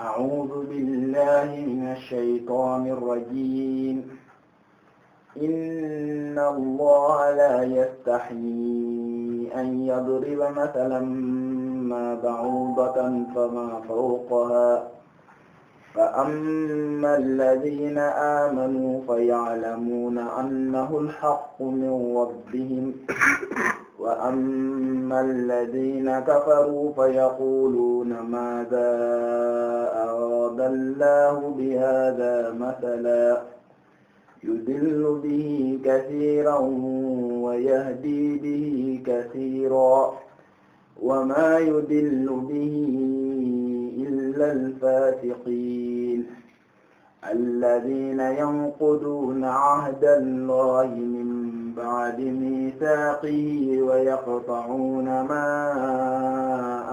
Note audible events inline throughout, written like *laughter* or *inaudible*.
أعوذ بالله من الشيطان الرجيم إن الله لا يستحيي أن يضرب مثلا ما بعوضة فما فوقها فأما الذين آمنوا فيعلمون أنه الحق من ربهم وأما الذين كفروا فيقولون ماذا أراد الله بهذا مثلا يذل به كثيرا ويهدي به كثيرا وما يذل به إلا الفاسقين الذين ينقضون عهد الله من بعد ميثاقه ويقطعون ما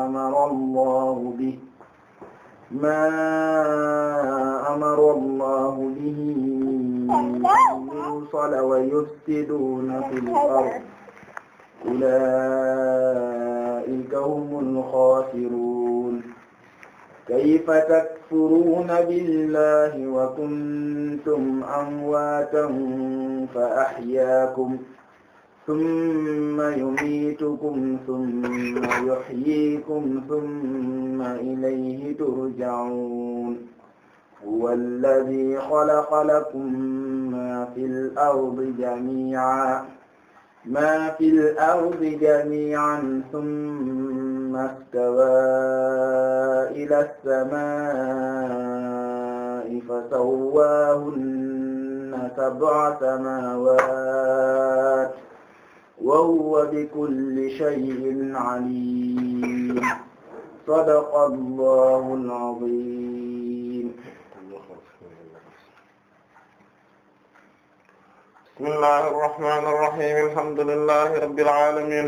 أمر الله به ما أمر الله به أن يوصل ويفسدون في الأرض أولئك هم الخاسرون كيف تك تكفرون بالله وكنتم أمواتا فأحياكم ثم يميتكم ثم يحييكم ثم إليه ترجعون هو الذي خلق لكم ما في الأرض جميعا ما في الأرض جميعا ثم ثم استوى إلى السماء فسواهن سبع سماوات وهو بكل شيء عليم صدق الله العظيم بسم الله الرحمن الرحيم الحمد لله رب العالمين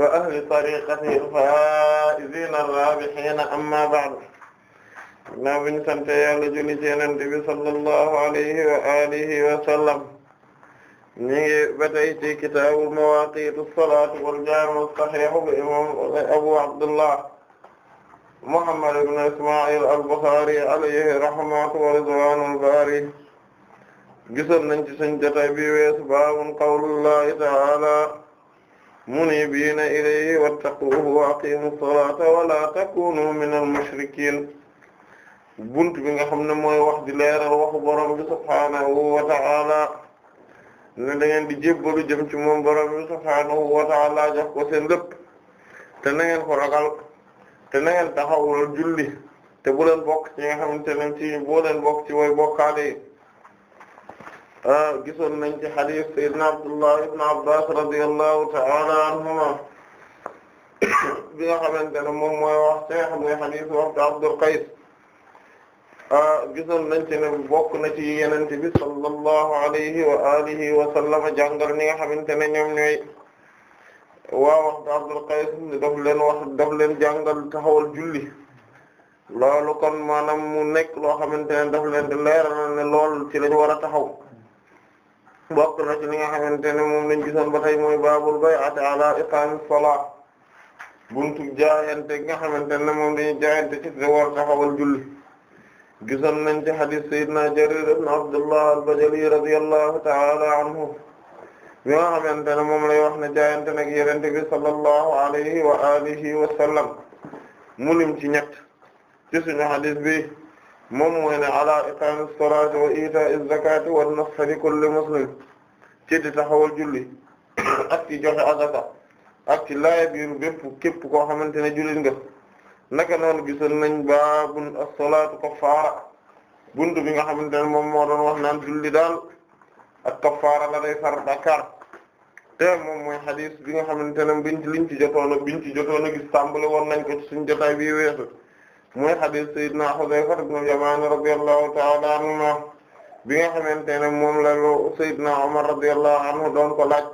wa ahli tariqatihi al-faa'iziina ar-raabihiina amma ba'du naa biñ sant Yàlla julli ci Yonent bi sallallahu alayhi wa alihi wa sallam ñu ngi ba tey ci kitaabu mawaaqiitu as-salaat wal jaami' as-sahiih bu imaam Abu Abdullah Muhammad ibn Isma'il al-Bukhaari alayhi rahmatu wa ridwaanul baari gisoon nañ ci suñu jotaay bi weesu baabun qawlullahi ta'aala munibiina ilayhi wattaquuhu wa aqiimu salaata wa laa takuunu minal mushrikiin bunt bi nga xam ne mooy wax di leeral waxu borom bi subhaanahu wa ta'aala ne da ngeen di jébbalu jëm ci moom borom bi subhaanahu wa ta'aala jox ko seen lépp te na ngeen ko ragal te na ngeen taxawul julli te bu leen bokk ci nga xamante ne ci boo leen bokk ci way bokkaale Ah, gisoon nañ ci hadith sayyidina Abdullah ibn Abbas radiyallahu ta'ala anhuma bi nga moom mooy wax ci nga xam ne hadith waxtu gisoon nañ ci ne bokk na ci yenente bi sallallahu alayhi wa alihi wa ni nga xamante ne ñoom ñooy waa waxtu Abdul Qays ni daf leen wax daf leen jàngal taxawal julli loolu kon maanaam mu nekk loo xamante ne daf leen di leeral ne loolu ci lañ war a taxaw bokk na li nga xamante ne moom lañ gisoon ba tey mooy baabul bay'ati ala iqamis salat buntu jaayante gi nga xamante ne moom lañu jaayante ci war taxawal julli gisoon nañ ci hadith sayyidina jarir ibn abdullah al-bajali radiyallahu ta'ala anhu bi nga xamante ne moom lay wax ne jaayante nag yenente bi sallallahu alayhi wa alihi wa mulim ci ñett ci suñu hadith bi moom mooy ne ala iqaami salaati wa itaa'i zakaati wan nafha li muslim ci di taxawal julli *coughs* ak ci joxe azaka ak ci laaya biiru bépp képp koo xamante ne jullit nga naka noonu gisoon nañ baabun as-salaatu kaffaara buntu bi nga xamante ne moom moo doon wax naan julli daal ak kaffaara la day far dakaar te moom mooy xadiis bi nga xamante ne biñ ci liñ ci jotoon a biñ jotoon a woon nañ ko ci bi weesu mooy hadith sayyidina Hudhayfa ibn Yaman radiyallahu ta'ala anhuma bi nga xamante moom la lu sayyidina Umar radiyallahu doon ko laaj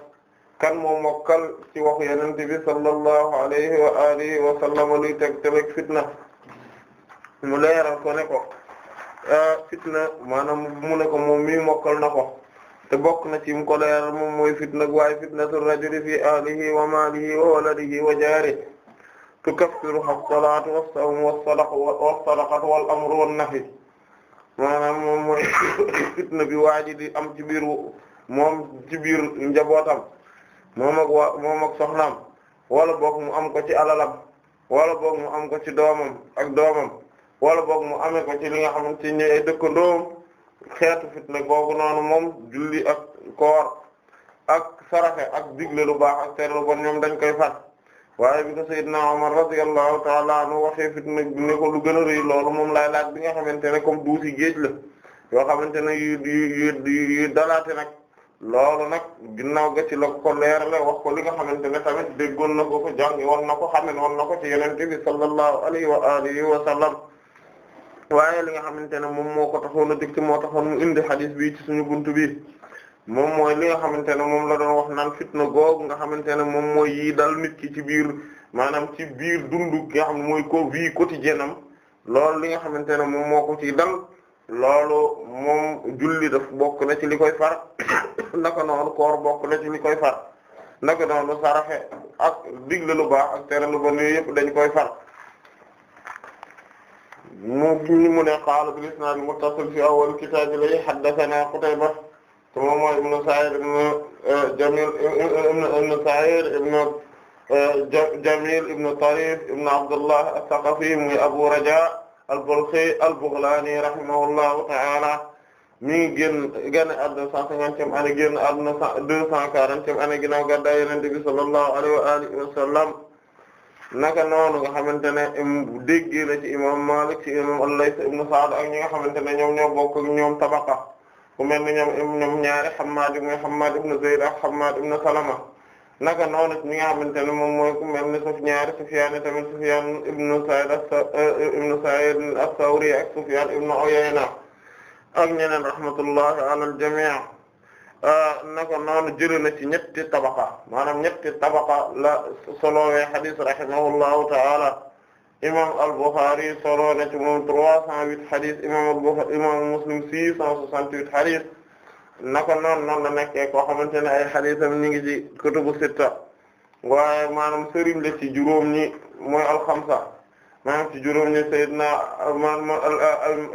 kan moo mokkal ci waxu Yonent bi sallallahu alayhi wa alihi wa sallam luy teg tamit fitna mu leeral ko ne ko fitna maanaam mu ne ko moom mi mokkal na ko te bokk na ci mu ko leeral moom mooy fitna waaye fitnatu rajuli fi ahlihi wa maalihi wa waladihi wa jaarihi tukaffiruha as-salaatu was-sawmu was-sadaqatu wal-amru wan-nahyu maanaam moom mooy *coughs* fitna bi waa ji di am ci biir moom ci biir njabootam moom ak waa moom ak soxnaam wala boog mu am ko ci alalam wala boog mu am ko ci doomam ak doomam wala boog mu amee ko ci li nga xamante ne ay dëkkandoom xeetu fitna googu noonu moom julli ak koor ak saraxe ak digle lu baax ak tere lu bon ñoom dañ koy fat waaye bi ko Seydina Omar radiyallahu ta'ala anhu waxee fitna ne ko lu gën a rëy loolu moom laay laaj bi nga xamante ne comme duusi géej la yoo xamante ne yu yu yu yu dalaate nag loolu nag ginnaaw ga ci la ko leerale wax ko li nga xamante ne tamit déggoon na ko ko jàngi woon na ko xamen woon na ko ci Yonent bi sallallahu alayhi wa alihi wa waaye li nga xamante ne moom moo ko taxoon a dikk moo taxoon mu indi hadith bi ci suñu buntu bi moom mooy li nga xamante ne moom la doon wax naan fitna googu nga xamante ne moom mooy yi dal nit ki ci biir maanaam ci biir dundu gi nga xam ne mooy ko vie quotidienne am loolu li nga xamante ne moom moo ko ci dal loolu moom julli daf bokk na ci li koy far *coughs* naka noonu koor bokk na ci li koy far naka noonu saraxe ak digle lu baax ak tere lu bon yooyu yëpp dañ koy far mu mu ne qaala bil isnaad muttasil fi awwal kitaabi lay haddathana Qutayba te moom mooy ibnu Sa'id ibnu eh, Jamil ibnu Sa'id ibnu eh, Jamil ibnu Tarif ibnu Abdullah as-Saqafi muy Abu Raja al-Balkhi al-Baghlani rahimahullahu ta'ala mi ngi génn génn àdduna cent cinquantième année génn àdduna deux cent quarantième année ginnaaw gàddaay Yonent bi sallallahu alayhi wa alihi wa sallam naka noonu nga xamante ne dégg la ci imam Malik ci imam al-Layth ibn Sa'd ak ñi nga xamante ne ñoom ñoo bokk ak ñoom tabaqa ku mel ni ñoom ñoom ñaari Hammad ibn Hammad ibn Zayd ak Hammad ibn Salama naka noonu ñi nga xamante ne moom mooy ku mel ni suf ñaari Sufyan tamit Sufyan Sa'id ibn Sa'id as-Sawri ak Sufyan ibn Uyayna ak ñeneen rahmatullahi ala al-jami' naka noonu jëlee na ci ñetti tabaqa maanaam ñetti tabaqa la solowee hadith rahimahullahu ta'ala imam al-Bukhari solo na ci moom 308 hadis imam al-Bukhari imam Muslim 668 hadis naka noonu noonu la nekkee koo xamante ne ay hadisam ñu ngi ci kutubu sitta waaye maanaam sëriñ la ci juróom ñi mooy al-xamsa maanaam ci juróom ñi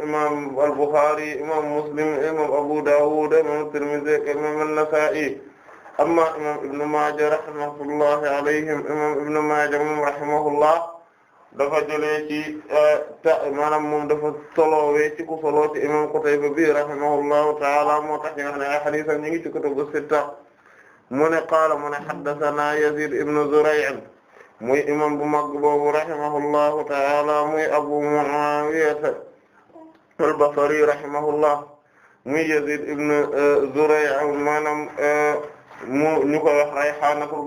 imam al-Bukhari imam Muslim imam Abu Dawud imam Tirmidhi nasai amma imam Ibn Maaja rahmatullahi alayhim imam Ibn Maaja moom dafa jëlee ci eh, maanaam moom dafa solowee ci ku solo ci imam Qutayba bi rahimahullahu taala moo tax ñu wax ne ay hadiis am ñu ngi ci kutubu sitta mu ne qaala mu ne haddathana Yazid ibn Zuray' muy imam bu mag boobu rahimahullahu taala muy Abu Muawiya al-Basri rahimahullah muy Yazid ibn eh, Zuray' maanaam eh, mu ñu koy wax Rayhaanatul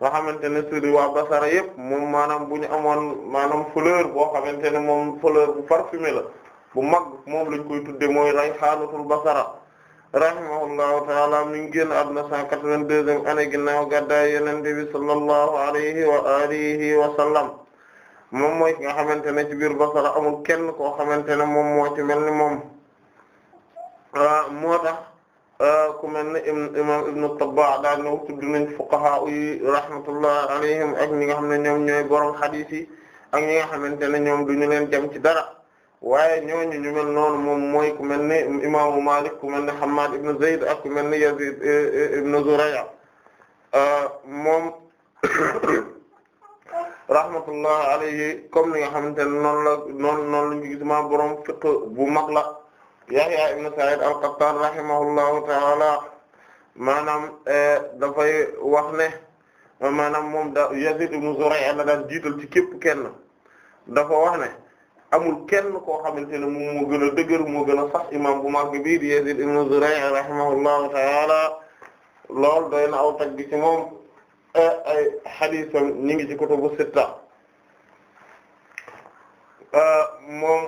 nga xamante ne suri waa Basara yëpp moom maanaam bu ñu amoon maanaam fleur boo xamante ne moom fleur bu parfumé la bu mag moom lañ koy tudde mooy rayhaanatul Basara rahimahullahu taala mi ngi génn àdduna 182e année ginnaaw gàddaay Yonent bi sallallahu alayhi wa alihi wa sallam moom mooy ki nga xamante ne ci biir Basara amul kenn koo xamante ne moom moo ci mel ni moom ah, moo tax Euh, ku mel ne imam Ibn Tabbaa daal na tudd nañ fuqaha yi rahmatullah alayhim ak ñi nga xam ne ñoom ñooy borom hadith yi ak ñi nga xamante ne ñoom du ñu leen jëm ci dara waaye ñooñu ñu mel noonu moom mooy ku mel ne imaamu Maalik ku mel ne Hammaad ibn Zayd ak ku mel ne Yaziid e, e, ibn Zuray' euh, moom *coughs* rahmatullah alayhi comme ni nga xamante ne noonu la noonu noonu la ñu gis ma borom fiqh bu mag la. Yahya ibn Sa'id al-Qattan rahimahullahu ta'ala maanaam eh, dafay wax ne maanaam moom da Yazid ibn Zuray' la daan jiital ci képp kenn dafa wax amul kenn koo xamante ne moom moo gën a dëgër moo gën a sax imam bu mag bi di Yazid ibn Zuray' lool doy na aw tag gi ci moom eh, ay ñi ngi ci kutubu sitta eh, moom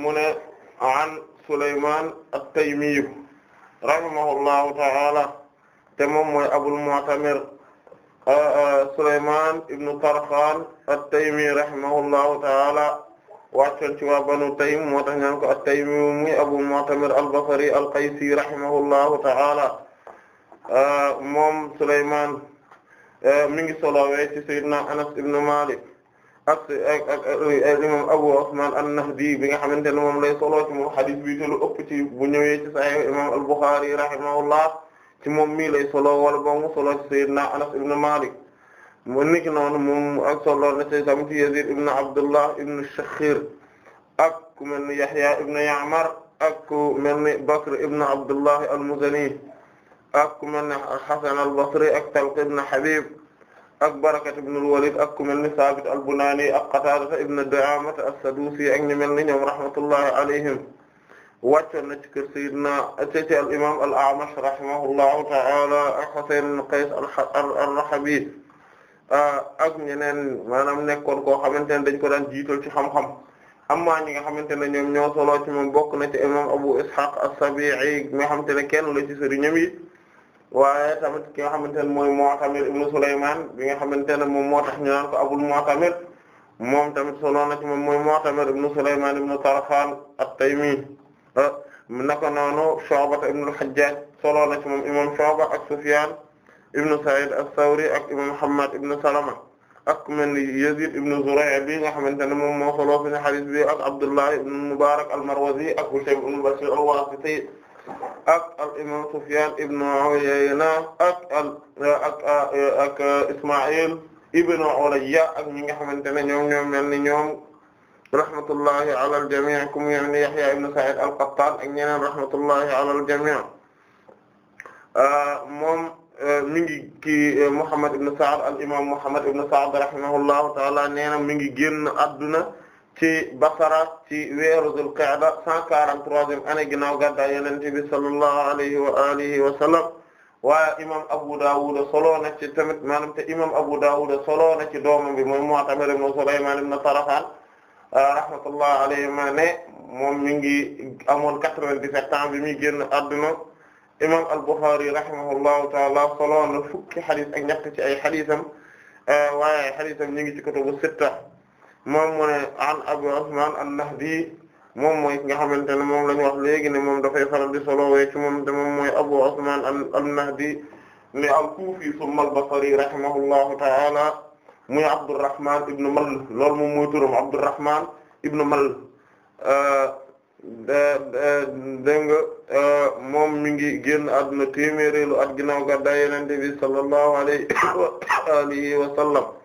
mu ne an Sulaymaan at-Taymi rahimahullahu ta'ala te moom mooy Abul Mu'tamir Sulaymaan ibn Tarkhan at-Taymi rahimahullahu ta'ala wàccoon ci waa Banu Taym moo tax ñaan ko at-Taymi muy Abul Mu'tamir al-Basri al-Qaysi rahimahullahu ta'ala moom Sulaymaan mi ngi solowee ci Sayyidina Anas ibn Malik ak ak ak imam Abu Usman an-Nahdi bi nga xamante ne moom lay solo ci moom xadis bi te lu ëpp ci bu ñëwee ci Sahih imam al-Bukhari rahimahullah ci moom mii lay solo wala ba mu solo ci Sayyidina Anas ibn Malik mu nekk noonu moom ak solo na ci tamit Yazid ibn Abdullah ibn Shakhir ak ku mel ni Yahya ibn Ya'mar ak ku mel ni Bakr ibn Abdullah al-Muzani ak ku mel ni Hasan al-Basri ak Talq ibn Habib ak Barakat ibn al-Walid ak ku mel ni Sabit al-Bunani ak Qatada ibn Du'ama as-Sadusi ak ñu mel ni ñoom rahmatullahi alayhim wàccoon na ci kër ci al-imam al-A'mash rahimahullahu ta'ala ak Husayn ibn Qays ar-Rahabi ak ñeneen maanaam nekkoon koo xamante ne dañ ko daan jiital ci xam-xam amma ñi nga xamante ne ñoom ñoo solo ci moom bokk na ci imam Abu Ishaq as-Sabi'i nga xamante ne kenn la ci sëriñam yi waaye tamit ki nga xamante ne mooy Mu'tamir ibn Sulaymaan bi nga xamante ne moom moo tax ñu naan ko Abul Mu'tamir moom tamit solo na ci moom mooy Mu'tamir ibn Sulaymaan ibn Tarxaan at-Taymi ah, naka noonu Shu'ba ibn al-Hajjaj solo na ci moom imam ak Sufyaan ibn Sa'id as-Sawri ak imam Muhammad ibn Salama ak ku mel ni Yazid ibn Zuray' bi nga xamante ne moom moo solo fi hadith bi ak Abdullah ibn Mubarak al-Marwazi ak Husaym ibn al-Wasiti ak al imam Sufyan ibn Uyayna ak al ak ak Isma'il ibn Ulayya ak ñi nga xamante ne ñoom ñoom mel ni ñoom rahmatullahi ala al jami' ku mel ni Yahya ibn Sa'id al-Qattan ak ñeneen rahmatullahi ala al jami' ah, moom eh, mi ngi kii eh, Muhammad ibn Sa'd al imam Muhammad ibn Sa'd rahimahullahu ta'ala nee na mi ngi génn adduna ci baqara ci weeru Dul Qa'da 143e année ginnaaw gàddaay Yonent bi sallallahu alayhi wa alihi wa sallam waaye imam Abu Dawud solo na ci tamit maanaam te imam Abu Dawud solo na ci doomam bi mooy Mu'tamir ibn Sulaymaan ibn Tarxaan rahmatullahi alayhima ne moom mi ngi amoon 97 ans bi muy génn adduna imam al-Bukhari rahimahullahu ta'ala solo na fukki xadis ak ñett ci ay xadisam waaye ay xadisam ñu ngi ci kutubu sitta moom mu ne an Abu Usman an-Nahdi moom mooy ki nga xamante ne moom la ñu wax léegi ne moom dafay faral di solowee ci moom te moom mooy Abu Usman an-Nahdi ne al-Kufi summa al-Basri rahimahullahu ta'ala muy Abdurrahman ibn Mal loolu moom muy turam Abdurrahman ibn Mal dégg nga moom mi ngi génn àdduna téeméeréelu at ginnaaw gàddaay Yonent bi sallallahu alayhi wa alihi wa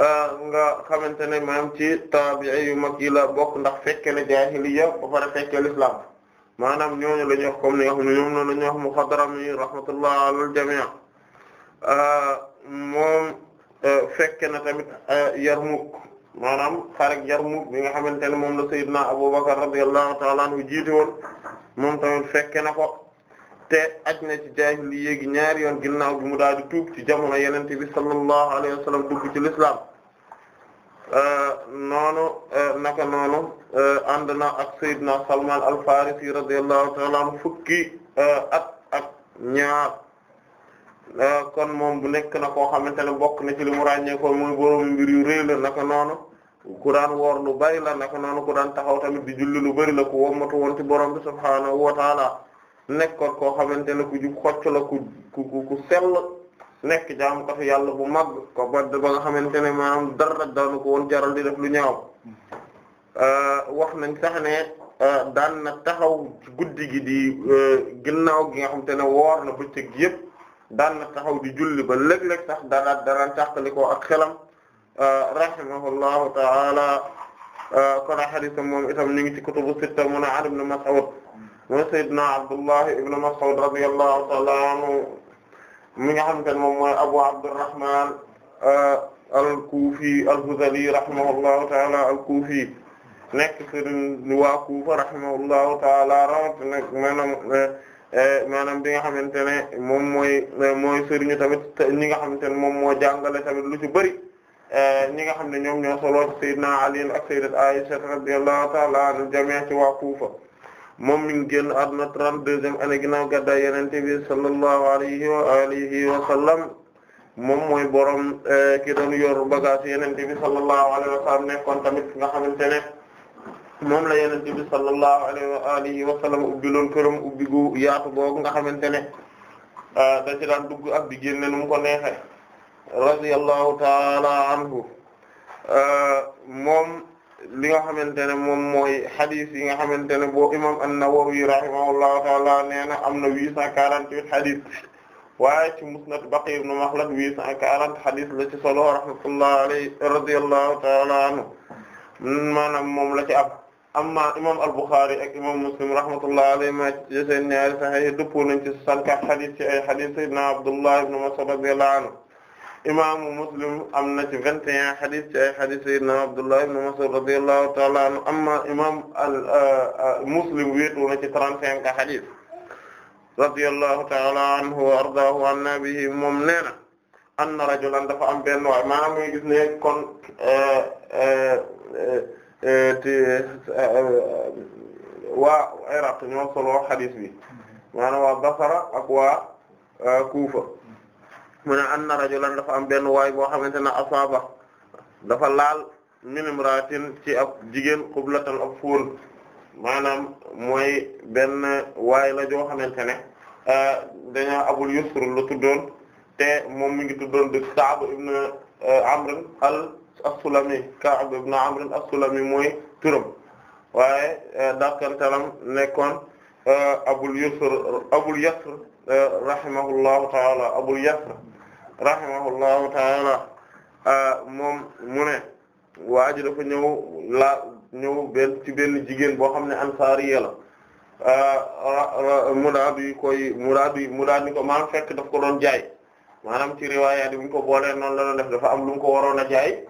nga xamante ne maam ci taabi'i yu mag yi la bokk ndax fekke na jaahiliya ba pare fekke l'islam maanaam ñooñu la ñuy wax comme ni nga xam ne ñoom la ñuy wax muxadarami rahmatullah alal jamii ah, moom eh, fekke na tamit eh, Yarmuk maanaam xarek Yarmuk bi nga xamante ne moom la Seydina Abubakar radiyallahu ta'ala anhu jiite woon moom tamit fekke na ko te aj na ci jaahiliya gi ñaari yoon ginnaaw bi mu daal di tuub ci jamono Yonent bi sallallahu alayhi wa sallam dugg ci lislaam Euh, noonu euh, naka noonu euh, ànd na ak Seydina Salman al-Farisi radiyallahu ta'ala fukki ak ak ñaar kon moom bu nekk na koo xamante ne bokk na ci li mu ràññee ko muy borom mbir yu naka noonu ku daan woor lu bari la naka noonu ku daan taxaw tamit di julli lu bari la ku wommatu woon ci borom bi subhaanahu wa ta'ala nekkoon koo xamante ne ku jub xocc la ku sell. nekk jaamu ko yàlla bu mag ko badd ba nga xamante ne maanaam dara daanu ko woon jaral di def lu ñaaw euh, wax nañ sax ne euh, daan na taxaw guddi gi di euh, ginnaaw gi nga xamante ne woor na bëccëg yëpp daan na taxaw di julli ba léeg-léeg sax dara dara tàqali ko ak xelam rahimahullahu ta'ala kon hadiisam moom itam ñu ngi ci sitta mu ne an ibn Mas'ud mu Sayyidina Abdullah ibn Mas'ud radiyallahu ta'ala mi nga xamante ne moom mooy Abu Abdurrahman eh, al-Kufi al-Hudhali rahimahullahu ta'ala al-Kufi nekk sëriñ waa Kufa rahimahullahu ta'ala rawat nag maanaam eh, eh, maanaam bi nga xamante ne moom mooy mooy sëriñu tamit ñi nga xamante ne moom moo jàngale tamit lu ci bëri ñi nga xam ne ñoom ñoo solo ci Sayyidina Ali ak Sayyidat Aisha radiyallahu ta'ala anhum jami' ci waa Kufa moom mi ngi génn àdduna 32e année ginnaaw gàddaay Yonent bi sallallahu alayhi wa alihi wa sallam moom mooy borom eh, ki doon yor bagage Yonent bi sallallahu alayhi wa sallam nekkoon tamit nga xamante ne moom la Yonent bi sallallahu alayhi wa alihi wa sallam ubbiloon këram ubbi gu yaatu googu nga xamante ne eh, da ci daan dugg ak di génne nu mu ko neexe radiyallahu ta'ala anhu xamante ne moom mooy xadis yi nga xamante ne boo imam an-Nawawi rahimahullahu taala nee na am na huit cent quarante-huit xadis waaye ci musnad Baqi ibn Makhlad huit cent quarante xadis la ci solo rahmatullah alayhi radiyallahu taala anhu maanaam moom la ci am amma imam al-Bukhari ak imam Muslim rahmatullah alayhi ma ci seen ñaari sahih dëppoo nañ ci soixante-quatre xadis ci ay xadis sayyidina Abdullah ibn Mas'ud radiyallahu anhu imaamu Muslim am na ci vingt et un xadis ci ay xadis sayyidina Abdullah ibn Mas'ud radiyallahu ta'ala anhu amma imaam al uh, uh, Muslim wéetoo na ci trente cinq xadis radiyallahu ta'ala anhu wa ardaahu an nabihi moom nee na anna rajulan dafa am benn waay maanaam muy gis ne kon te uh, waa Iraq ñoo solo xadis bi maanaam waa Basra ak waa Kufa mu ne anna rajulan dafa am benn waay boo xamante ne asaaba dafa laal min imraatin ci ab jigéen qublatan ab fóol maanaam mooy benn waay la joo xamante ne euh, dañoo abul yusr la tuddoon te moom mi ngi tuddoon di Ka'b ibn euh, Amr al as-Sulami ibn Amr as mooy turam waaye euh, dakkantalam nekkoon abul yusr abul yasr rahimahullahu taala Abul Yasr rahimahullahu taala ah, moom mu ne waa ji dafa ñëw laa ñëw benn ci benn jigéen boo xam ne ansaariya la ah, mu daal di koy mu daal di mu daal di ko maanaam fekk daf ko doon jaay maanaam ci riwaayaat yi bu ñu ko boolee noonu la doon def dafa am lu mu ko waroon a jaay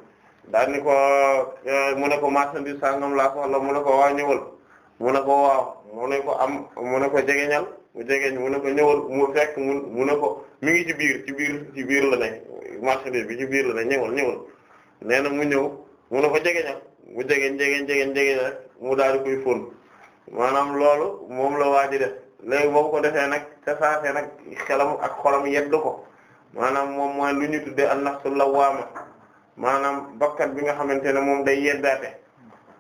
daal ni ko eh, mu ne ko marchandise sangam laa soxla mu ne ko waa ñëwal mu ne ko waaw mu ne ko am mu ne ko jegeñal mu jegeñ mu ne ko ñëwal mu fekk mu mu ne ko mi ngi ci biir ci biir ci biir la ne marchandise bi ci biir la ne ñëwal ñëwal nee na mu ñëw mu ne ko jege jegeñal mu jegeñ jegeñ jegeñ jegeñ mu daal di koy fóon maanaam loolu moom la waa ji def léegi boo ko defee nag ca saafee nag xelam ak xolam yedd ko maanaam moom mooy lu ñu tuddee an nafsul lawwaama maanaam bakkan bi nga xamante ne moom day yeddaate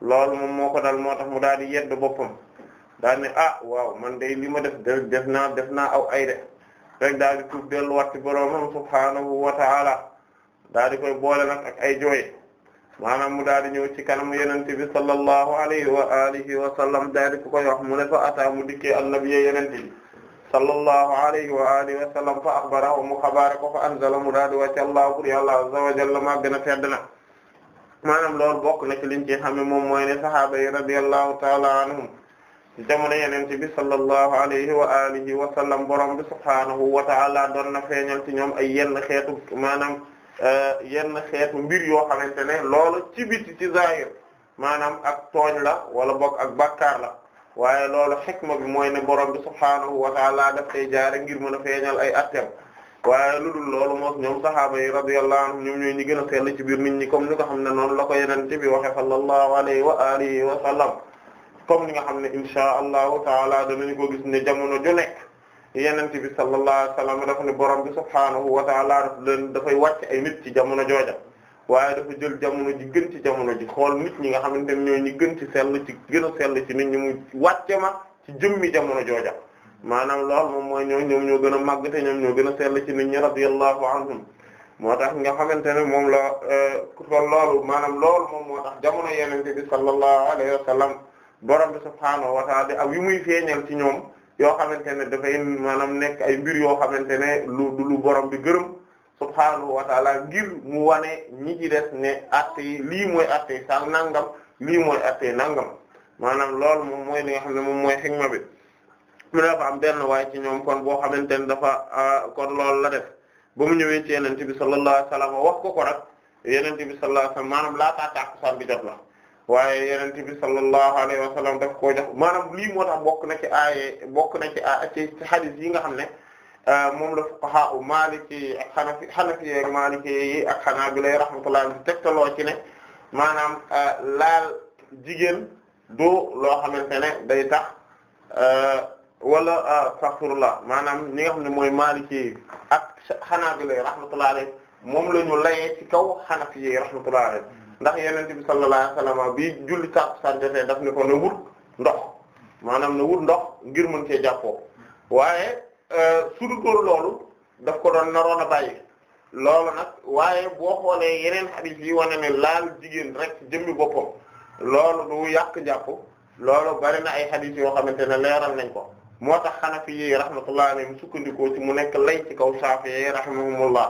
loolu moom moo ko dal moo tax mu daal di yedd boppam daal ne ah, waaw man day li ma def def naa def naa aw ay de rek daal di tuub delluwaat ci boroomam subhaanahu wa ta'ala daal di koy boole nag ak ay jooy maanaam mu daal di ñëw ci kanam yonent bi sallallahu alayhi wa alihi wa sallam daal koy wax mu ne fa ataa mu dikke annabi yonent bi sallallahu alayhi wa alihi wa sallam fa akhbarahu mu xabaare ko fa anzala mu daal di wàcca Allahu pour yàlla azza wa jalla maa gën a tedd na maanaam loolu bokk na ci liñ ci xame moom mooy ne sahaaba ci jamono yenente bi sallallahu alayhi wa alihi wa sallam borom bi subhaanahu wa ta'ala doon na feeñal ci ñoom ay yenn xeetu maanaam eh, yenn xeetu mbir yoo xamante ne loolu ci biti ci zahir maanaam ak tooñ la wala bokk ak bàkkaar la waaye loolu xikma bi mooy ne borom bi subhaanahu wa ta'ala daf koy jaare ngir mën a feeñal ay atteem waaye lu dul loolu moos ñoom sahaaba yi radiyallahu anhum ñoom ñooy ñi gën a sell ci biir nit ñi comme ni nga xam ne noonu la ko yenente bi waxe sallallahu alayhi wa alihi wa sallam comme ni nga xam ne insha allahu taala danañu ko gis ne jamono ju nekk yenente bi sallallahu alayhi wa sallam dafa ne borom bi subhaanahu wa taala daf leen dafay wàcc ay nit ci jamono jooja waaye dafa jël jamono ji gën ci jamono ji xool nit ñi nga xamante ne ñooy gën ci sell ci gën a sell ci nit ñi mu wàcce ma ci jëmmi jamono jooja maanaam lool moom mooy ñoo ñoom ñoo gën a màgg te ñoo gën a ci nit ñi radiyallahu anhum moo tax nga xamante ne moom la euh, kon loolu maanaam loolu moom jamono yenente bi sallallahu alayhi wa sallam borom bi subhaanahu wa ta'ala ak yu muy feeñal ci ñoom yoo xamante ne dafay maanaam nekk ay mbir yoo xamante ne lu du lu borom bi gërëm subhaanahu wa ta'ala ngir mu wane ñi ci des ne atte lii mooy atte yi nangam lii mooy atte nangam maanaam lool moom mooy li nga xam ne moom mooy xigma bi mu dafa am benn waaye ci ñoom kon boo xamante ne dafa ah, kon loolu la def ba mu ñëwee ci yenente bi sallallahu alayhi wasallam wax ko ko rek yenente bi sallallahu alayhi wasallam maanaam bi jot la waaye yonent bi sallallahu alayhi wa sallam daf koo jox maanaam lii moo a bokk na ci aaye bokk na ci a ci yi nga xam ne euh, moom la fuqaha u maliki ak xanafi xanafi yeeg maliki yi ak xanaabila rahmatullah tegtaloo ci ne maanaam euh, laal jigéen du loo xamante ne day tax euh, wala astaghfirullah maanaam ni nga xam ne mooy maliki yi ak xanaabila rahmatullah alayhi moom la ñu layee ci kaw xanafi yi rahmatullah alayhi ndax yenente bi sallallahu alayhi wasallam bi julli tàkkusaan jotee daf ne ko na wut ndox maanaam na wut ndox ngir mën cee jàppoo waaye euh, su loolu daf ko doon naroon a bàyyi loolu nag waaye boo xoolee yeneen hadith yi wane ne laal jigéen rek jëmmi boppam loolu du yàq jàpp loolu bari na ay hadith yoo xamante ne leeral nañ ko moo tax Hanafi yi rahmatullah alayhim sukkandikoo ci mu nekk lay ci kaw Shafi'i rahimahumullah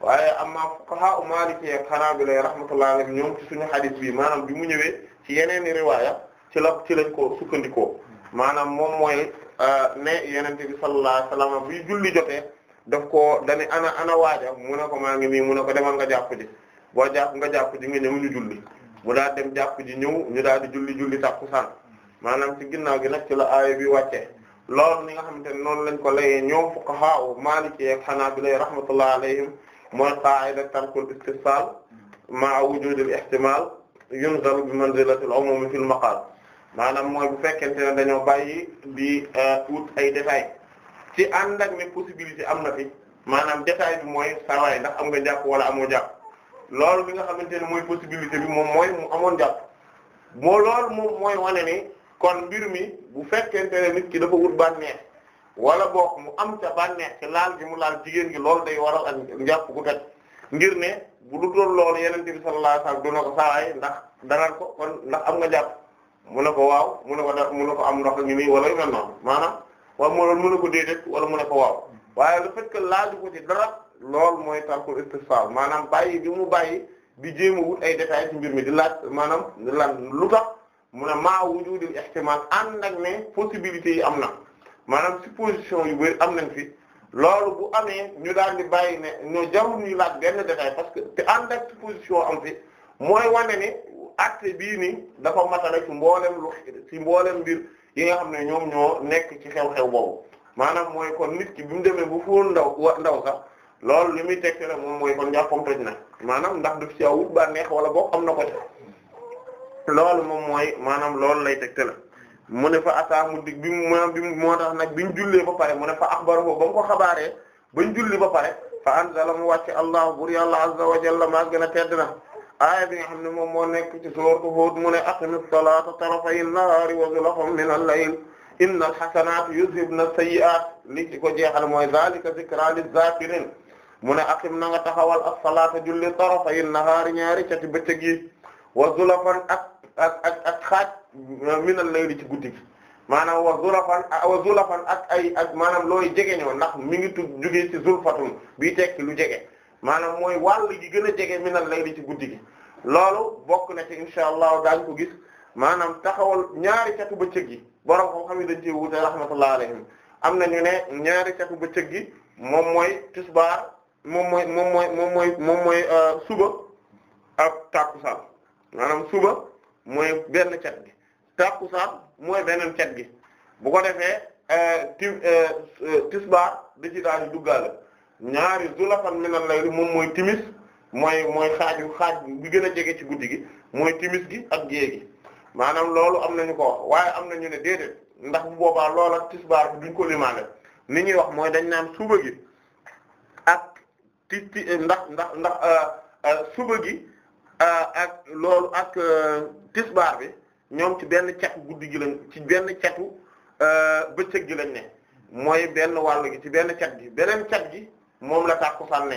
waaye amma fuqaha u Maliki ak Hanabila rahmatullahi alayhim ñoom ci suñu hadith bi maanaam bi mu ñëwee ci yeneeni riwaaya ci la ci lañ ko sukkandikoo maanaam moom mooy euh, ne yenente bi sallallahu alayhi wasallam bi julli jotee daf ko dani ana ana waaja mu ne ko maa ngi nii mu ne ko demal nga jàpp ji boo jàpp nga jàpp ji nga ñëw ñu julli mu daal dem jàpp ji ñëw ñu daal di julli julli tàkkusaan maanaam ci ginnaaw gi nag ci la aaya bi wàccee loolu ni nga xamante ne noonu lañ ko layee ñoom fuqaha u Maliki ak Hanabila rahmatullahi alayhim mooy qaa'ida tarkul istifsaal ma'a wujuudil ihtimaal yunzalu bi manzilatil umuum fil maqaal maanaam mooy bu fekkente ne dañoo bàyyi di euh, ay détails ci ànd ak ne possibilité am na fi maanaam détail bi mooy sawaay ndax am nga jàpp wala amoo jàpp loolu bi nga xamante ne mooy possibilité bi moom mooy mu amoon jàpp moo loolu moom mooy wane ni kon mbir mi bu fekkee ne nit ki dafa wut bànneex wala boog mu am ca bànneex ci laal gi mu laal jigéen gi lool day waral ak njàpp gu toj ngir ne bu du doon lool yonent bi sallallahu alayhi wasallam duna ko saawaay ndax daral ko ndax am nga jàpp mu ne ko waaw mu ne ko da mu ko am ndox ngi nii wala yu mel noonu maanaam wala mu mu ne ko déedéet wala mu ne ko waaw waaye le fait que laaju ko ci dara loolu mooy tarkul istisfaal maanaam bàyyi bi mu bàyyi di jéem wut ay détails ci mbir mi di laaj maanaam lan lu tax mu ne maa wujudul ihtimal ànd ak possibilités yi am na maanaam supposition yu bëri am nañ fi loolu bu amee ñu daal di bàyyi ne ñoo jarul ñu laaj benn détail parce que te ànd ak supposition am fi mooy wane ni acte bii nii dafa matale ci mboolem lu ci mboolem mbir yi nga xam ne ñoom ñoo nekk ci xew-xew boobu maanaam mooy kon nit ki bi mu demee bu fóon ndaw ndaw sax loolu li muy teg la moom mooy kon jàppam toj na maanaam ndax daf ci awut ba neex wala boo am na ko ci loolu moom mooy maanaam loolu lay tegte la mu ne fa ataa mu dig bi mu maanaam bi mu moo tax nag bi ñu jullee ba pare mu ne fa axbarahu ba mu ko xabaaree ba ñu julli ba pare fa anzala mu wàcce allah bur yàlla azza wa jalla maa gën a tedd na aaya bi nga xam ne moom moo nekk ci sooratu Hud mu ne aqimi salaata tarafay nahaari wa zulafan min al-layl inna al-hasanaati yuzhibna as-sayyi'aat li ci ko jeexal mooy zaalika zikraa liz-zaakiriin mu ne aqim na nga taxawal as-salaata julli tarafay nahaari ñaari cati bëccëg yi wa zulafan ak ak ak ak xaaj minal layli ci guddi gi maanaam wa zulafan wa zulafan ak ay ak maanaam looy jegeñoo ndax mi ngi tudd jugee ci zulfatun bii tekki lu jege maanaam mooy wàll gi gën a jege minal layli ci guddi gi loolu bokk na ci insha allahu daañu ko gis maanaam taxawal ñaari catu bëccëg yi borom koo xam ne dañ ci wute rahmatullah am na ñu ne ñaari catu bëccëg gi moom mooy tisbaar moom mooy moom mooy moom mooy moom mooy euh, suba ak tàkkusaan maanaam suba mooy benn cat gi takkusaan mooy beneen cet gi bu ko defee euh, ti euh, euh, tisbaar da ci daal di duggaale ñaari zulafan minal layli moom mooy timis mooy mooy xaaju xaaj bi gën a jege ci guddi gi mooy timis gi ak gée gi maanaam loolu am nañu ko wax waaye am nañu ne déedéet ndax bu boobaa loolu ak tisbaar bi duñ ko limaale ni ñuy wax mooy dañ naan suba gi ndax ndax suba gi ak loolu ak tisbaar bi ñoom ci benn catu guddi gi lañ ci benn catu euh, bëccëg gi lañ ne mooy benn wàll gi ci benn cat gi beneen cat gi moom la tàkkusaan ne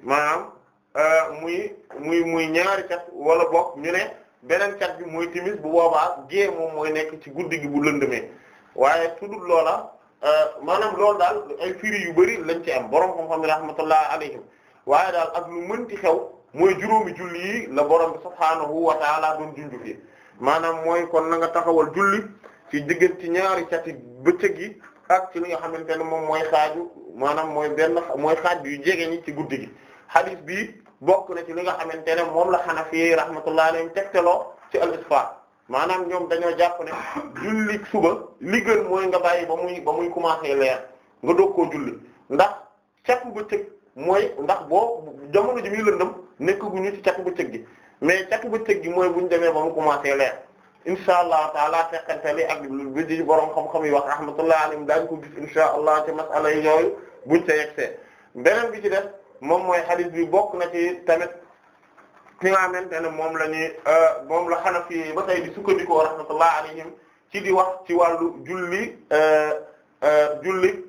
maanaam euh, muy muy muy ñaari cat wala bokk ñu ne beneen cat bi muy timis bu boobaa gée moom mooy nekk ci guddi gi bu lëndëmee waaye tudul loola euh, maanaam lool daal ay firi yu bari lañ ci am borom xam-xam ne rahmatullah alayhim waaye daal ak lu mënti xew mooy juróomi julli yi la borom bi subhaanahu wa taala doon junju fi maanaam mooy kon na nga taxawal julli ci diggante ci ñaari cati bëccëg yi ak ci li nga xamante ne moom mooy xaaju maanaam mooy benn mooy xaaj yu jege ñi ci guddi gi hadith bi bokk na ci li nga xamante ne moom la Hanafi rahmatullahi alayhi tegtaloo ci al-isfar maanaam ñoom dañoo jàpp ne julli suba li gën mooy nga bàyyi ba muy ba muy commencé leer nga doog koo julli ndax catu bëccëg mooy ndax boo jamono ji muy lëndëm nekk gu ñu ci catu bëccëg gi mais bu bëccëg gi mooy bu ñu demee ba mu commencé leer insha allah taala teqanteli ak bi di borom xam-xam yi wax rahmatullah alayhim daañu ko gis insha allah ci masala yi yooyu buñ ca yegsee beneen bi ci def moom mooy hadith bi bokk na ci tamit fi nga xamante ne moom la ñuy euh, moom la Hanafi ba tey di sukkandikoo rahmatullah alayhim ci di wax ci wàllu julli euh, euh, julli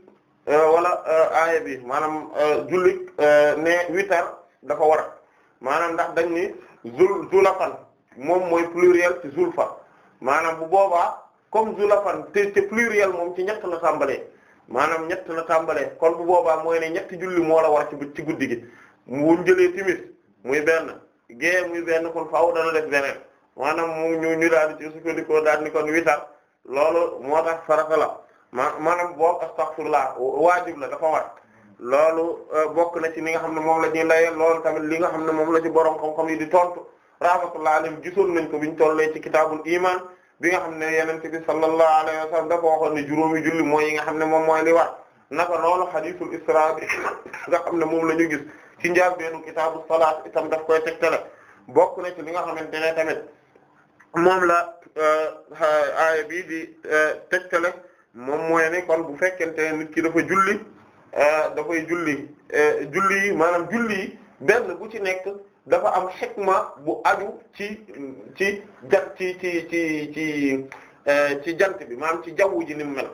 wala aaya bi maanaam julli ne witar dafa war maanaam ndax dañ ni zul zulafan moom mooy pluriel ci zulfa maanaam bu boobaa comme zulafan te te pluriel moom ci ñett la tàmbalee maanaam ñett la tàmbalee kon bu boobaa mooy ne ñetti julli moo la war ci ci guddi gi mu jëlee timis muy benn gée muy benn kon faaw dana def beneen maanaam mu ñu ñu daal di ci sukkandikoo daal ni kon witar loolu moo tax farata la ma maanaam boobu astaghfirullah waajib la dafa war. loolu euh, bokk na ci li nga xam ne moom la ñuy layee loolu tamit li nga xam ne moom la ci borom xam-xam yi di tontu rahmatullahi alayhim gisoon nañ ko biñ tollee ci kitaabul iman bi nga xam ne yonent bi sallallahu alayhi wa sallam dafa waxoon ne juróomi julli mooy yi nga xam ne moom mooy li war naka loolu hadithul isra bi nga xam ne moom la ñu gis ci njaar beenu kitaabu salaat itam daf koy tegtale bokk na ci li nga xam ne tamit moom la euh, aaya bi di euh, tegtale moom mooy ne kon bu fekkente nit ki dafa julli Eh, dafay julli eh, julli yi maanaam julli yi benn bu ci nekk dafa am xikma bu aju ci ci ja ci ci ci ci eh, ci jant bi maanaam ci jaww ji ni mu mel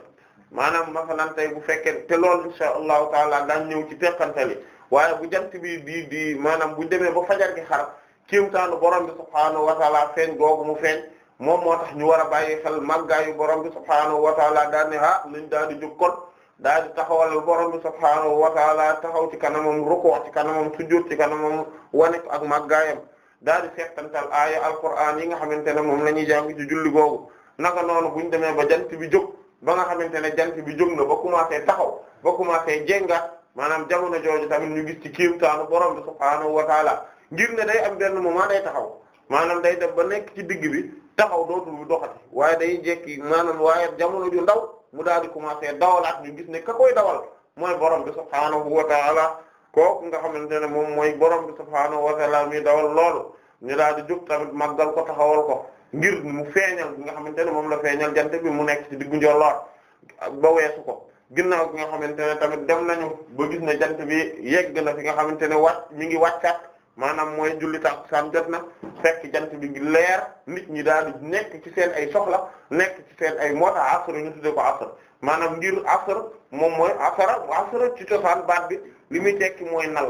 maanaam masalan tey bu fekkee te loolu insha allahu taala daan ñëw ci teqantali waaye bu jant bi di di maanaam bu demee ba fajar gi xar kéemtaanu borom bi subhaanahu wa taala feeñ googu mu feeñ moom moo tax ñu war a bàyyi xel màggaayu borom bi subhaanahu wa taala daan ne ah nañ daal di jóg kon daa di taxawal borom bi subhaanahu wa taala taxaw ci kanamam ruku ci kanamam sujud ci kanamam wane ak màggaayam daa di seetantal aaya alquran yi nga xamante ne moom la ñuy jàng ci julli googu naka noonu bu ñu demee ba jant bi jóg ba nga xamante ne jant bi jóg na ba commencé taxaw ba commencé jéngaat maanaam jamono jooju tamit ñu gis ci kiimtaanu borom bi subhaanahu wa taala ngir ne day am benn moment day taxaw maanaam day def ba nekk ci digg bi taxaw dootul doxati waaye day jekki maanaam waaye jamono ju ndaw. mu daal di commencer dawalaat ñu gis ne ka koy dawal mooy borom bi subhaanahu wa ta'ala kooku nga xamante ne moom mooy borom bi subhaanahu wa ta'ala mi dawal loolu ñu daal di jóg tamit màggal ko taxawal ko ngir mu feeñal bi nga xamante ne moom la feeñal jant bi mu nekk ci diggu njolloor ba weesu ko ginnaaw bi nga xamante ne tamit dem nañu ba gis ne jant bi yegg na fi nga xamante ne wàcc mi ngi wàccaat maanaam mooy julli tàkkusaan jot na fekk jant bi ngi leer nit ñi daal di nekk ci seen ay soxla nekk ci seen ay moo tax asr ñu tuddee ko asr maanaam ngir asr moom mooy asara asara ci cosaan baat bi li muy tekki mooy nal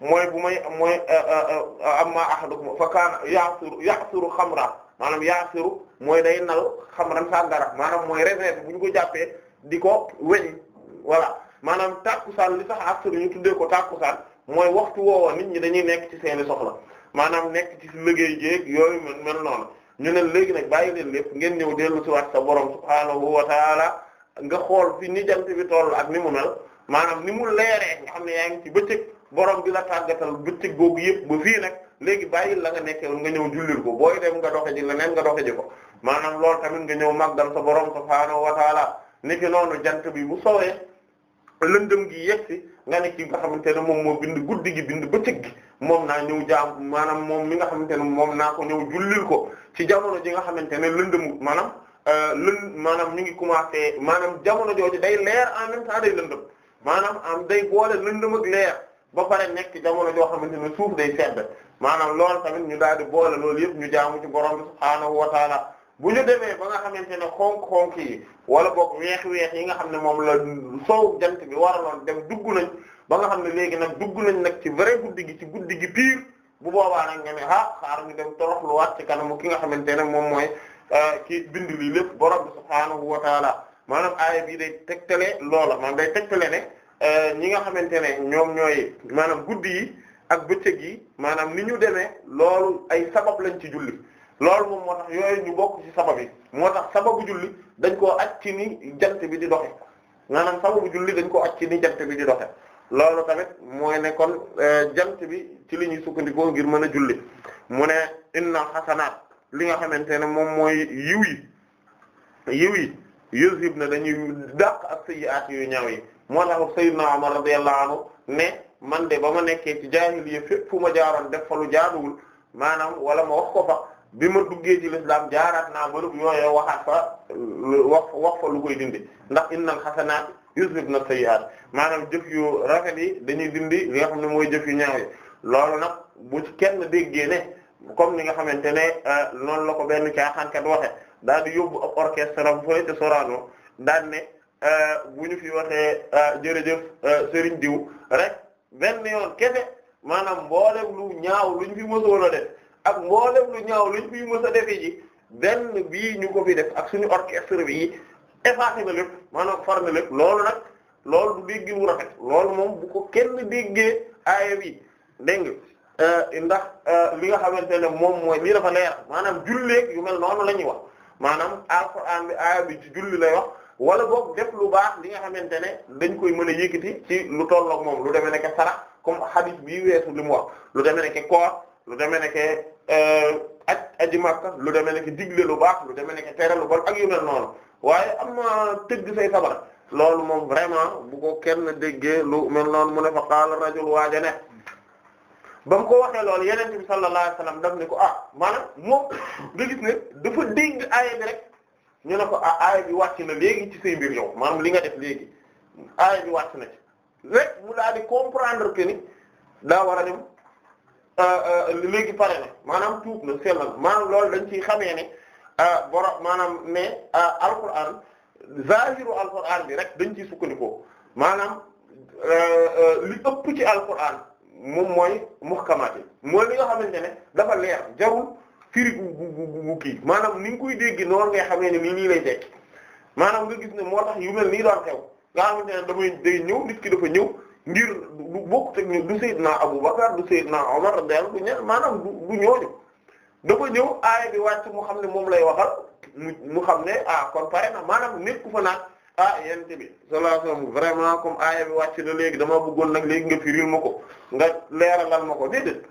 mooy bu may mooy euh, euh, euh, amma ahadukum fa kaana ya'suru ya'suru xamra maanaam ya'suru mooy day nal xamran sàngara maanaam mooy raisin bu ñu ko jàppee di ko weñ voilà maanaam tàkkusaan li tax asr ñu tuddee ko tàkkusaan mooy waxtu woowa nit ñi dañuy nekk ci seeni soxla maanaam nekk ci liggéey jéeg yooyu mën mel noonu ñu ne léegi nag bàyyi leen lépp ngeen ñëw dellu ci waat sa borom subhaanahu wa taala nga xool fi ni jant bi toll ak ni mu mel maanaam ni mu leeree nga xam ne yaa ngi ci bëccëg borom bi la tàggatal bëccëg googu yëpp ba fii nag léegi bàyyi la nga nga ñëw jullil ko booy nga doxe ji leneen nga doxe ji ko maanaam loolu tamit nga ñëw màggal sa borom subhaanahu wa taala niki noonu jant bi bu sowee lëndëm gi yegg nga ne ki nga xamante ne moom moo bindi guddi gi bind bëccëg gi moom naa ñëw jaam maanaam moom mi nga xamante ne moom naa ko ñëw jullil ko ci jamono ji nga xamante ne lëndëmu maanaam euh, lën maanaam ñu ngi commencé maanaam jamono jooju day leer en même day lëndëm maanaam am day boole lëndëm ak leer ba pare nekk jamono joo xamante ne suuf day sedd maanaam loolu tamit ñu daal di boole loolu yëpp ñu jaamu ci borom subhaanahu wa bu ñu demee ba nga xamante ne xonk-xonk yi wala boog weex-weex yi nga xam ne moom la soow jant bi waraloon dem dugg nañ ba nga xam ne léegi nag dugg nañ nag ci vrai guddi gi ci guddi gi pire bu boobaa nag nga ne ah xaar ñu dem toroxluwaat ci kanamu ki nga xamante ne moom mooy euh, ki bind lii lépp borom bi subhaanahu wa taala maanaam aaya day tegtale loola maanaam day tegtale ne euh, ñi nga xamante ne ñoom ñooy maanaam guddi yi ak bëccëg yi maanaam ni ñu demee loolu ay sabab lañ ci julli loolu moom moo tax yooyu ñu bokk ci sabab yi moo tax sababu julli dañ koo acc ci ni jant bi di doxe maanaam sababu julli dañ ko acc ci ni jant bi di doxe loolu tamit mooy ne kon euh, jant bi ci li ñuy sukkandikoo ngir mën a julli mu ne inna xasanaat li nga xamante ne moom mooy yiw yi yiw yi yuzhib na dañuy dàq ak sayyi'at yu ñaaw yi moo tax sayyidna Umar radiyallahu anhu ne man de ba ma nekkee ci jaahiliya fépp fu ma jaaroon def fa lu jaaduwul maanaam wala ma wax ko fa bi ma duggee ci lislaam jaaraat naa bërëb yooyee waxaat fa wax wax fa lu koy dindi ndax innal xasanaat yuzhibna sayyi'aat maanaam jëf yu rafet yi dañuy dindi li nga xam ne mooy jëf yu ñaaw yi loolu nag bu ci kenn déggee ne comme ni nga xamante ne euh, noonu la ko benn caaxaankat waxe daal di yóbbu ab orchestre bu fële ca Sorano daan ne euh, bu fi waxee euh, jërëjëf Serigne Diw rek benn yoon kese maanaam mboolem lu ñaaw lu ñu fi mësoon a def ak mboolem lu ñaaw luñ fi mës a ji benn bii ñu ko fi def ak suñu orchestre bi effacé na lépp maanaam far na lépp loolu nag loolu du dégg a rafet loolu moom bu ko kenn déggee aaya bi dégg nga euh, ndax euh, li nga xamante ne moom mooy lii dafa leer maanaam julleeg yu mel noonu la ñuy wax maanaam alxuraan bi aaya bi ci julli lay wax wala boog def lu baax li nga xamante ne dañ koy mën a yëkkati ci lu tollook moom lu demee nekk sarax comme hadith bii weesu li mu wax lu demee nekk koor lu demee ne que euh, aj aji makka lu demee ne que digle lu baax lu demee ne que tere lu bon ak yu mel noonu waaye am na tëgg say sabar loolu moom vraiment bu ko kenn déggee lu mel noonu mu ne fa qaala rajul waaja ne ba mu ko waxee loolu yeneen bi sallallahu alayhi wasallam daf ne ko ah maanaam moo nga gis ne dafa dégg aaya bi rek ñu ne ko ah aaya bi wàcc na léegi ci say mbir yow maanaam li nga def léegi aaya bi wàcc na ci rek mu daal di comprendre que ni daa war a dem Euh, euh, léegi pare na maanaam tuub na sellal maanaam lool dañ ciy xamee ne euh, boro maanaam ne alquran zahiru alquran bi rek dañ ci sukkandikoo maanaam li ëpp ci alquran moom mooy muhkamaat yi mooy li nga ne dafa leer jarul firi gu maanaam ni nga koy dégg noonu ngay xamee ne nii nii lay tekki maanaam nga gis ne moo tax yu mel nii daan xew nga xamante ne damay day ñëw nit ki dafa ñëw. ngir du bokkut ak ñoom du Seydina Abu Bakar du Seydina Omar radiyallahu anhu ña maanaam du ñooñu dafa ñëw aaya bi wàcc mu xam ne moom lay waxal mu mu xam ne ah kon pare na maanaam nit ku fa naan ah yente bi sallallahu alayhi wasallam vraiment comme aaya bi wàcc na léegi damaa bëggoon nag léegi nga firil ma ko nga leeralal ma ko déedéet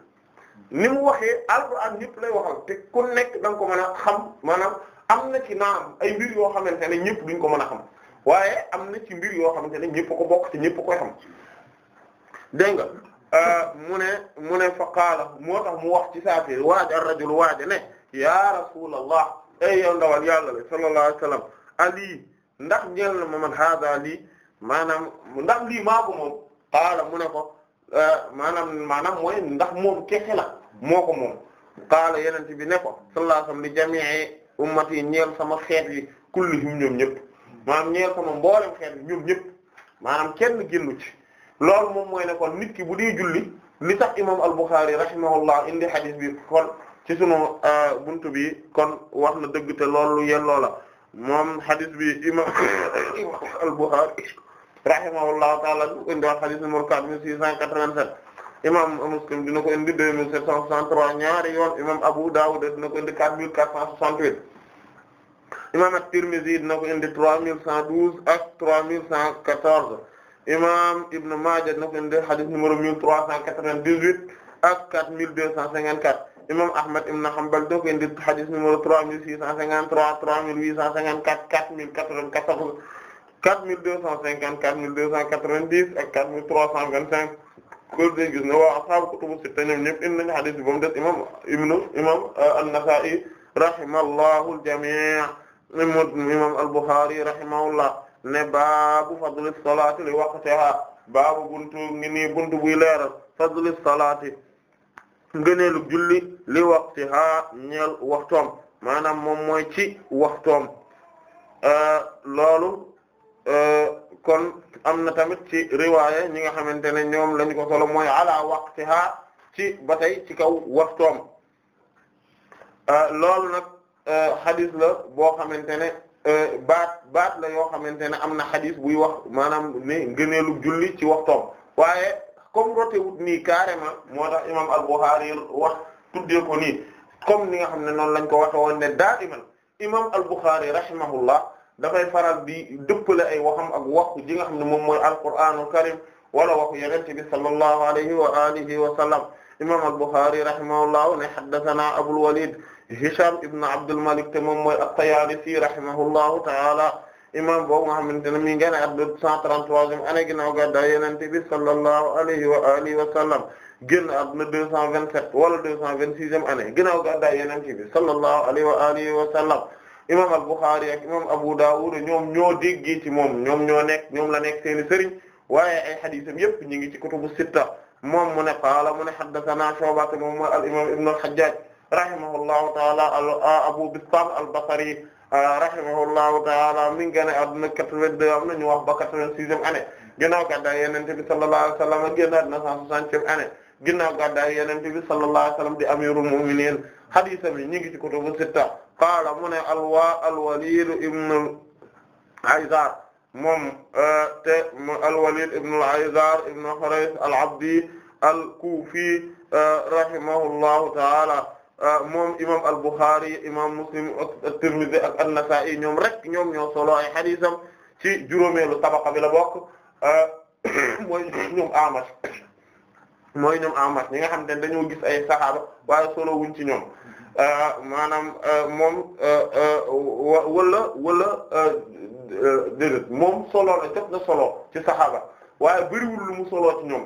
ni mu waxee alxuraan ñëpp lay waxal te ku nekk da nga ko mën a xam maanaam am na ci naam ay mbir yoo xamante ne ñëpp duñ ko mën a xam waaye am na ci mbir yoo xamante ne ñëpp ko bokk te ñëpp koy xam dégg nga euh, mu ne mu ne fa moo tax mu wax ci saafiri waaj ar-rajul waaja ne ya rasulallah ay yow ndawal yàlla le sallallahu alayhi wasallam ali ndax ñeel na ma man hada lii maanaam ndax lii maa moom qaala mu ne ko euh, maanaam maanaam mooy ndax moom kese la moo ko moom qaala yenente bi ne ko sallallahu alayhi wasallam li jami'i ummati ñeel sama xeet yi kullihum ñoom ñëpp maanaam ñeel sama mboolem xeet yi ñoom ñëpp maanaam kenn génnu ci loolu moom mooy ne kon nit ki bu dee julli li tax imam al-Bukhari rahimahullah indi hadith bi kon ci sunu euh, bunt bi kon wax na dëgg lool loolu yelloo la moom hadith bi imam *coughs* al-Bukhari rahimahullahu taala du indi wax hadith numéro 4687 imam Muslim dina ko indi 2763 ñaari yoon imam Abu Dawud dina ko indi 4468 imam at-Tirmidhi dina ko indi 3112 ak 3114 imam Ibn Maaja na ko indi hadith numéro mille trois cent quatre-vingt-dix-huit ak quatre mille deux cent cinquante-quatre imam Ahmad ibn Hanbal na ko indi hadith numéro trois mille six cent cinquante-trois trois huit cent cinquante-quatre quatre quatre vingt quatre cinquante quatre vingt dix quatre mille trois cent vingt-cinq kër dañu gis ne waa ashaabu kutubu sitta ñoom ñëpp indi hadith bi des imam ibnu imam euh, an-Nasaa'i al-jamii' imam al-Bukhari ne baabu fadli salaati li waqtiha baabu buntu ngi nii buntu buy leeral fadli salaati ngëneelu julli li waqtiha ñeel waxtoom maanaam moom mooy ci waxtoom euh, loolu euh, kon am na tamit ci riwaaya ñi nga xamante ne ñoom lañ ko solo mooy ala waqtiha ci ba ci kaw waxtoom euh, loolu nag xadis la boo xamante ne baat baat la yoo xamante ne am na xadis buy wax maanaam ne ngëneelu julli ci wax waxtoom waaye comme rotewut nii carrément moo tax imam al-Bukhari wax tuddee ko nii comme ni nga xam ne noonu lañ ko waxe woon ne daa iman imam al-Bukhari rahimahullah dafay faral di dëppale ay waxam ak waxu ji nga xam ne moom mooy alqur'aanul karim wala waxu yenente bi sallallahu alayhi wa alihi wa sallam imam al-Bukhari rahimahullah ne haddathana Abul Walid Hisham ibn Abdul Malik te moom mooy at-Tayalisi rahimahullahu ta'ala imam boobu nga xamante ne mi ngi génn àdduna 133e année ginnaaw gàddaay Yonent bi sallallahu alayhi wa alihi wa sallam génn àdduna 227 wala 226e année ginnaaw gàddaay Yonent bi sallallahu alayhi wa alihi wa sallam imam al-Bukhari ak imam Abu Dawud ñoom ñoo dégg ci moom ñoom ñoo nekk ñoom la nekk seeni sëriñ waaye ay xadiisam yépp ñu ngi ci kutubu sitta moom mu ne qaala mu ne haddathana Shu'ba moom mooy al imam Ibn al-Hajjaj rahimahullahu taala Abu Bistam al-Basri rahimahullahu taala mi ngi génn àdduna 82 am na ñu wax ba 86e année ginnaaw gàddaay Yonent bi sallallahu alayhi wa sallam ak génn àdduna 160e année ginnaaw gàddaay Yonent bi sallallahu alayhi wa sallam di amirul mu'minin hadiisam yi ñu ngi ci kutubu sitta qaala mu ne alwa al-Walid ibn al-Aizar moom te al-Walid ibn al-Aizar ibn Hurays al-Abdi al-Kufi rahimahullahu taala Ah, moom imam al-Bukhari imam Muslim at-Tirmidhi ak an-Nasa'i ñoom rek ñoom ñoo solo ay xadiisam ci juróomeelu tabaqa bi la bokk ah, *coughs* mooy ñoom Amash *coughs* mooy ñoom Amash ñi nga xam ne dañoo gis ay saxaaba waaye solo wuñ ci ñoom ah, maanaam moom wala wala déedéet moom solo la jot na solo ci saxaaba waaye bëriwul lu mu solo ci ñoom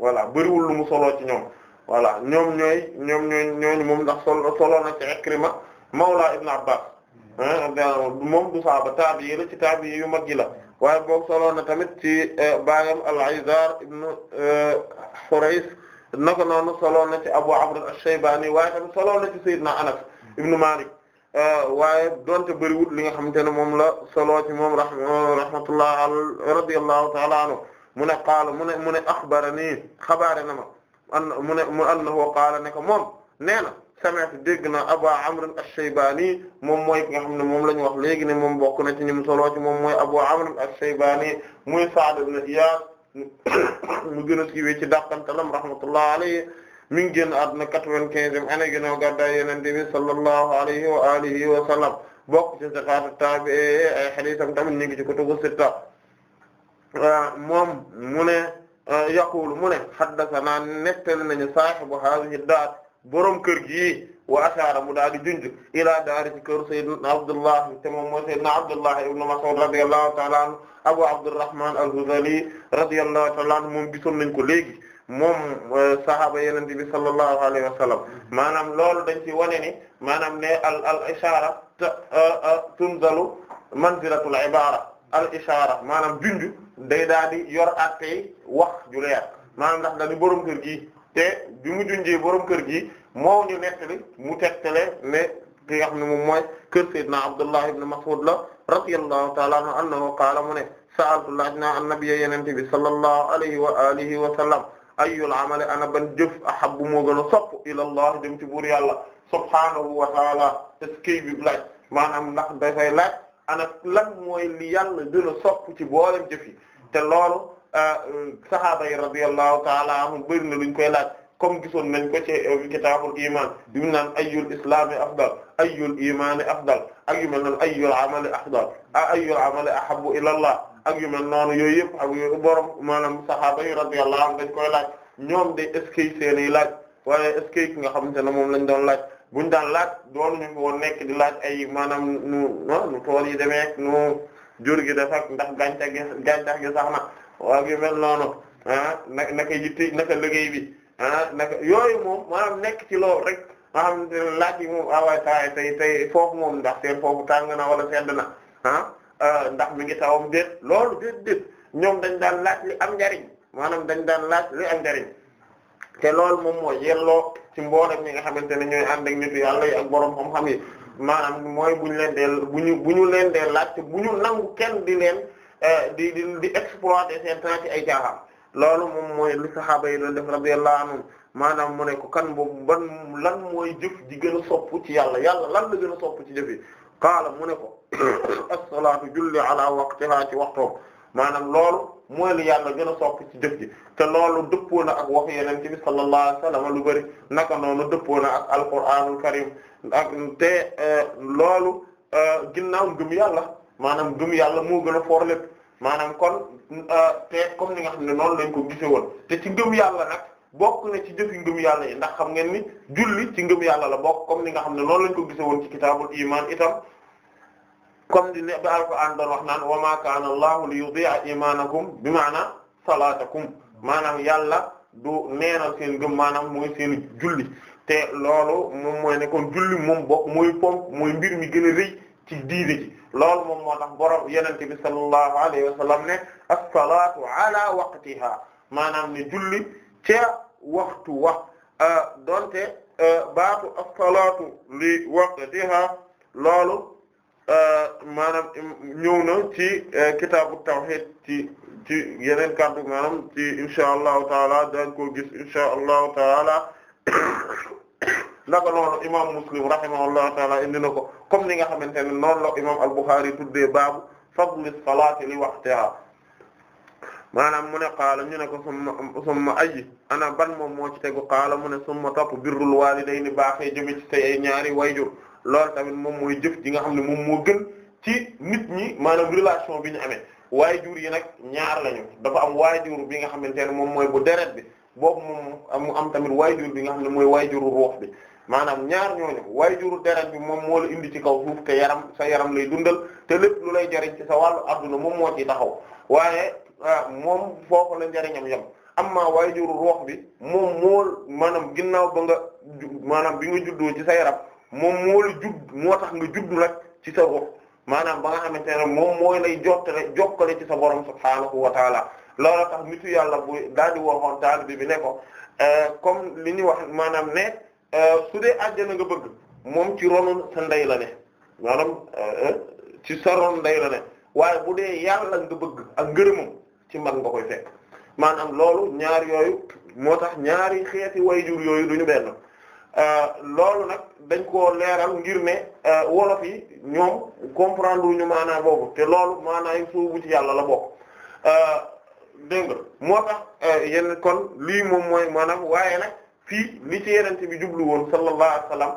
voilà bëriwul lu mu solo ci ñoom. voilà ñoom ñooy ñoom ñooy ñooñu moom ndax solo solo na ci Ikrima mawla moom du saaba taabi la ci yu mag yi la waaye boog solo na tamit ci euh, baayam al-Izar ibn euh, Hurays naka noonu solo na ci Abu Amr ash-Shaybani waaye solo na ci Anas ibn Malik euh, waaye donte bëriwul li nga xamante ne moom la solo ci moom rahmatullah radiyallahu ta'ala anhu mu ne qaala mu ne mu ne axbarani mu ne mu annahu qaala ne ko moom nee na sami'tu dégg na Aba Amr ash-Shaybani moom mooy ki nga xam ne moom la ñu wax léegi ne moom bokk na ci ñi mu solo ci moom mooy Abu Amr ash-Shaybani muy Sa'd ibn Iyas mu gën a siiwee ci dàqantalam rahmatullah alayhi mi ngi génn àdduna quatre-vingt-quinzième année ginnaaw gàddaay Yonent bi sallallahu alayhi wa alihi wa sallam bokk ci siqaatu taabi'i ay hadiisam tamit ñu ngi ci kutubu sitta moom mu ne Euh, yaqulu mu ne haddathana nettali nañu saahibu hadhihi daar borom kër gi wa ashaara mu daal di junj ilaa daari ci kër sayyidina Abdullah te moom mooy sayyidina Abdullah ibn Mas'ud radiyallahu ta'ala anhu Abu Abdurrahman al-Hudhali radiyallahu ta'ala anhu moom gisoon nañ ko léegi moom euh, sahaaba Yonent bi sallallahu alayhi wa sallam maanaam loolu dañ ci wane ni maanaam ne al al ishaara euh, tunzalu manzilatul ibaara al ishaara maanaam junj day daal di yor attey wax ju leer maanaam ndax dañu borom kër gi te bi mu junjee borom kër gi moo ñu nettali mu tegtale ne ki nga xam ne moom mooy kër Seydina Abdullah ibn Mas'ud la radiyallahu ta'ala anhu annahu qaala mu ne sa'altu laaj naa annabiyya yenente bi sallallahu alayhi wa alihi wa sallam ayyul amali ana ban jëf ahabbu moo gën a sopp ila Allah dem ci buur yàlla subhaanahu wa ta'ala est-ce que bi laaj maanaam ndax ana lan mooy li yàlla gën a sopp ci boolem jëf yi te loolu ah, sahaaba yi radiyallahu taala anhum bëri na luñ koy laaj comme gisoon nañ ko ci euh, kitaabul iman bi mu naan ayyul islaami afdal ayyul imaani afdal ak yu mel noonu ayyul amali afdal ah ayyul amali ahabbu ila allah ak yu mel noonu yooyu yëpp ak yooyu borom maanaam sahaaba yi radiyallahu anhum dañ koy laaj ñoom de est-ce que seen i laaj waaye est-ce que ki nga xamante ne moom lañ doon laaj bu ñu daan laaj doon ñu woon nekk di laaj ay maanaam nu nu tool yi demee nu jur gi da ak ndax gàncax gi gàncax gi sax na waa gi mel noonu ah naka naka yitte naka liggéey bi ah naka yooyu nekk ci loolu rek laaj yi moom ah tey tey foofu moom ndax seen foofu tàng na wala sedd na ah, ah ndax mi ngi tawam déet loolu déet déet ñoom dañ daan laaj li am njariñ maanaam dañ daan laaj li am njariñ te loolu moom moo yelloo ci mboolem ñi nga xamante ne ñooy ànd ak nitu yàlla yi ak borom xam-xam maanaam mooy bu ñu leen dee bu ñu bu ñu leen dee laaj te bu ñu nangu kenn di leen eh, di di di exploiter seen temps ci ay caaxaan loolu moom mooy li saxaaba yi doon def radiyallahu anhum maanaam mu ne ko kan boobu ban lan mooy jëf ji gën soppu ci yàlla yàlla lan la gën a sopp ci jëf yi qaala mu ne ko *coughs* as-salaatu julli ala waqtiha ci waxtoom maanaam loolu mooy lu yàlla gën a sopp ci dëf ji te loolu dëppoo na ak waxu yeneen ci bi sallallahu alayhi wasallam lu bari naka noonu dëppoo na ak alquraanul karim ak te euh, loolu euh, ginnaaw gëm yàlla maanaam gëm yàlla moo gën a foor lépp maanaam kon euh, te comme ni nga xam ne noonu lañ ko gise woon te ci ngëm yàlla nak bokk na ci jëfi ngëm yàlla yi ndax xam ngeen ni julli ci ngëm yàlla la bokk comme ni nga xam ne noonu lañ ko gise woon ci kitaabul iman itam comme di ne bi alquran doon wax naan wa ma kaana allahu li yudi'a imanakum bi maanaam salaatakum maanaam yàlla du neenal seen gëm maanaam mooy seen julli te loolu moom mooy ne kon julli moom bokk mooy pomp mooy mbir mi gën a ci diine ji loolu moom moo tax borom yenente bi alayhi wa ne as-salaatu ala waqtiha maanaam ne julli ca waxtu euh, euh, li waqtiha loolu Euh, maanaam ñëw na ci euh, kitaabu tawhid ci ci yeneen kàddu maanaam ci insha allahu taala daañ ko gis insha allahu taala *coughs* naka noonu imam muslim rahimahullahu taala indi na ko comme ni nga xamante ne noonu la imam al-Bukhari tuddee baabu fadli salaati li waqtiha maanaam mu ne qaala ñu ne ko summa summa ana ban moom moo ci tegu qaala mu ne summa topp birrul waalidayni baaxee jëme ci tay ay ñaari wayjur loolu tamit moom mooy jëf ji nga xam ne moom moo gën ci nit ñi maanaam relation bi ñu amee waajur yi nag ñaar lañu dafa am waajur bi nga xamante ne moom mooy bu deret bi boobu moom mu am tamit waajur bi nga xam ne mooy waajuru ruux bi maanaam ñaar ñooñu waajuru deret bi moom moo la indi ci kaw suuf te yaram sa yaram lay dundal te lépp lu lay jariñ ci wàllu adduna moom moo ci taxaw waaye ah, moom foofu la njariñam yam amma waajuru ruux bi moom moo maanaam ginnaaw ba nga maanaam bi nga juddoo ci sa yaram. moom moo la judd moo tax nga juddu rek ci sa ruux maanaam ba nga xamante ne moom mooy lay jottale jokkale ci sa borom subhaanahu wa taala loola tax nitu yàlla bu daal di waxoon taalibe bi ne ko euh, comme li ñuy wax maanaam ne euh, su dee àjjana nga bëgg moom ci ronu sa ndey la ne maanaam euh, ci sa ronu ndey ne waaye bu dee yàlla nga bëgg ak ngërëmam ci mag nga koy fekk maanaam loolu ñaar yooyu moo tax ñaari xeeti wayjur yooyu duñu benn Euh, loolu nag dañ koo leeral ngir ne euh, wolof yi ñoom comprendre ñu maanaam boobu te loolu maanaam soobu ci yàlla la bokk euh, dégg nga moo tax yenn kon lii moom mooy maanaam waaye nag fii li ci yenente bi jublu woon sallallahu alayhi wasallam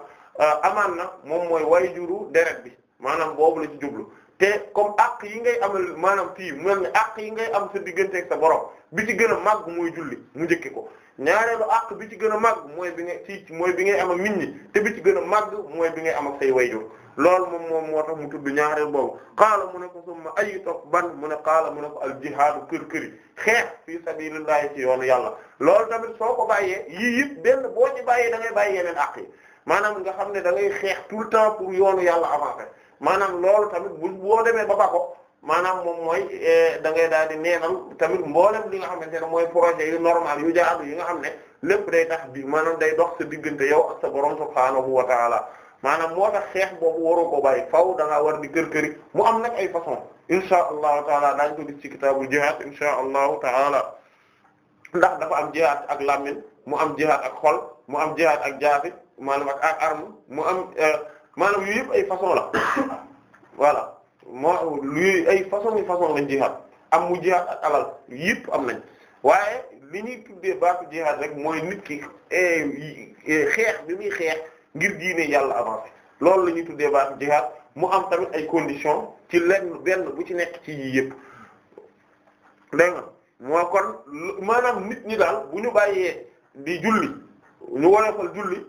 amaan na moom mooy way juru deret bi maanaam boobu la ci jublu te comme àq yi ngay amal maanaam fii mel ne àq yi ngay am sa digganteek sa borom bi ci gën a màgg mooy julli mu njëkki ko ñaareelu àq bi ci gën a màgg mooy bi nga ci mooy bi ngay am ak nit ñi te bi ci gën a màgg mooy bi ngay am ak say wayjur lool moom moom moo tax mu tudd ñaareel boobu qaala mu ne ko summa ayi topp ban mu ne qaala mu ne ko al jihaadu kër këri xeex fii sabilillahi ci yoonu yàlla loolu tamit soo ko bàyyee yii yëpp benn boo ci bàyyee da ngay bàyyi yeneen àq yi maanaam nga xam ne da ngay xeex tout le temps pour yoonu yàlla avancer maanaam loolu tamit bu boo demee ba ba ko maanaam moom mooy eh, da ngay daal di neenal tamit mboolem li nga xamante ne mooy projet yu normal yu jaadu yi nga xam ne lépp day tax bi maanaam day dox sa diggante yow ak sa borom subhaanahu wa taala maanaam moo tax xeex boobu waroo ko bàyyi faaw da ngaa war di kër këri mu am nag ay façon insha allahu taala daañu ko gis ci kitaabu jihaad insha allahu taala ndax dafa am jihaad ak làmmiñ mu am jihaad ak xol mu am jihaad ak jaafi maanaam ak ak mu am eh, maanaam yu yëpp ay façon la *coughs* voilà moo luy ay façon yi façon lañ jihaad am mu jihaad ak alal yëpp am nañ waaye li ñuy tuddee baatu jihaad rek mooy nit ki eh, eh, xeex bi muy xeex ngir diine yàlla avancé loolu la ñuy tuddee baatu jihaad mu am tamit ay conditions ci lenn benn bu ci nekk ci yii yëpp dégg moo kon maanaam nit ñi daal bu ñu bàyyee di julli ñu wolofal julli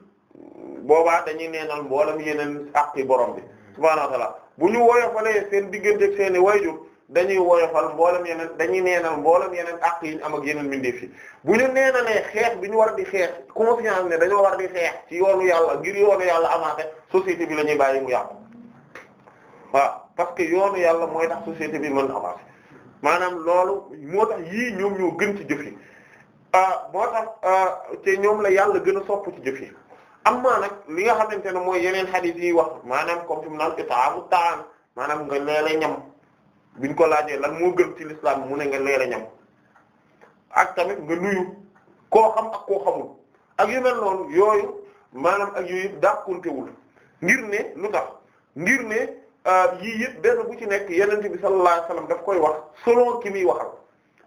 boobaa dañuy neenal mboolem yeneen àqi borom bi subhaanahu wa bu ñu woyofalee seen digganteeg seen i wayjur dañuy woyofal mboolem yeneen dañuy neenal mboolem yeneen ak yi ñu am ak yeneen mbindeef yi bu ñu neenalee xeex bi ñu war di xeex confiance ne dañoo war di xeex ci yoonu yàlla ngir yoonu yàlla amaate société bi la ñuy bàyyi mu yàqu waaw parce que yoonu yàlla mooy tax société bi mën avancé maanaam loolu moo tax yii ñoom ñoo gën ci jëf yi ah, moo tax ah, te ñoom la yàlla gën a sopp ci jëf yi am amma nag li nga xamante ne mooy yeneen hadith yi wax maanaam comme fi mu naan itaamu taan maanaam nga leele ñam biñ ko laajee lan moo gën ci l'islam mu ne nga leele ñam ak tamit nga nuyu ko xam ak koo xamul ak yu mel noonu yooyu maanaam ak yu yëpp dàqantewul ngir ne lu tax ngir ne euh, yii yëpp benn bu ci nekk yeneen bi sallallahu alayhi daf koy wax selon ki muy waxal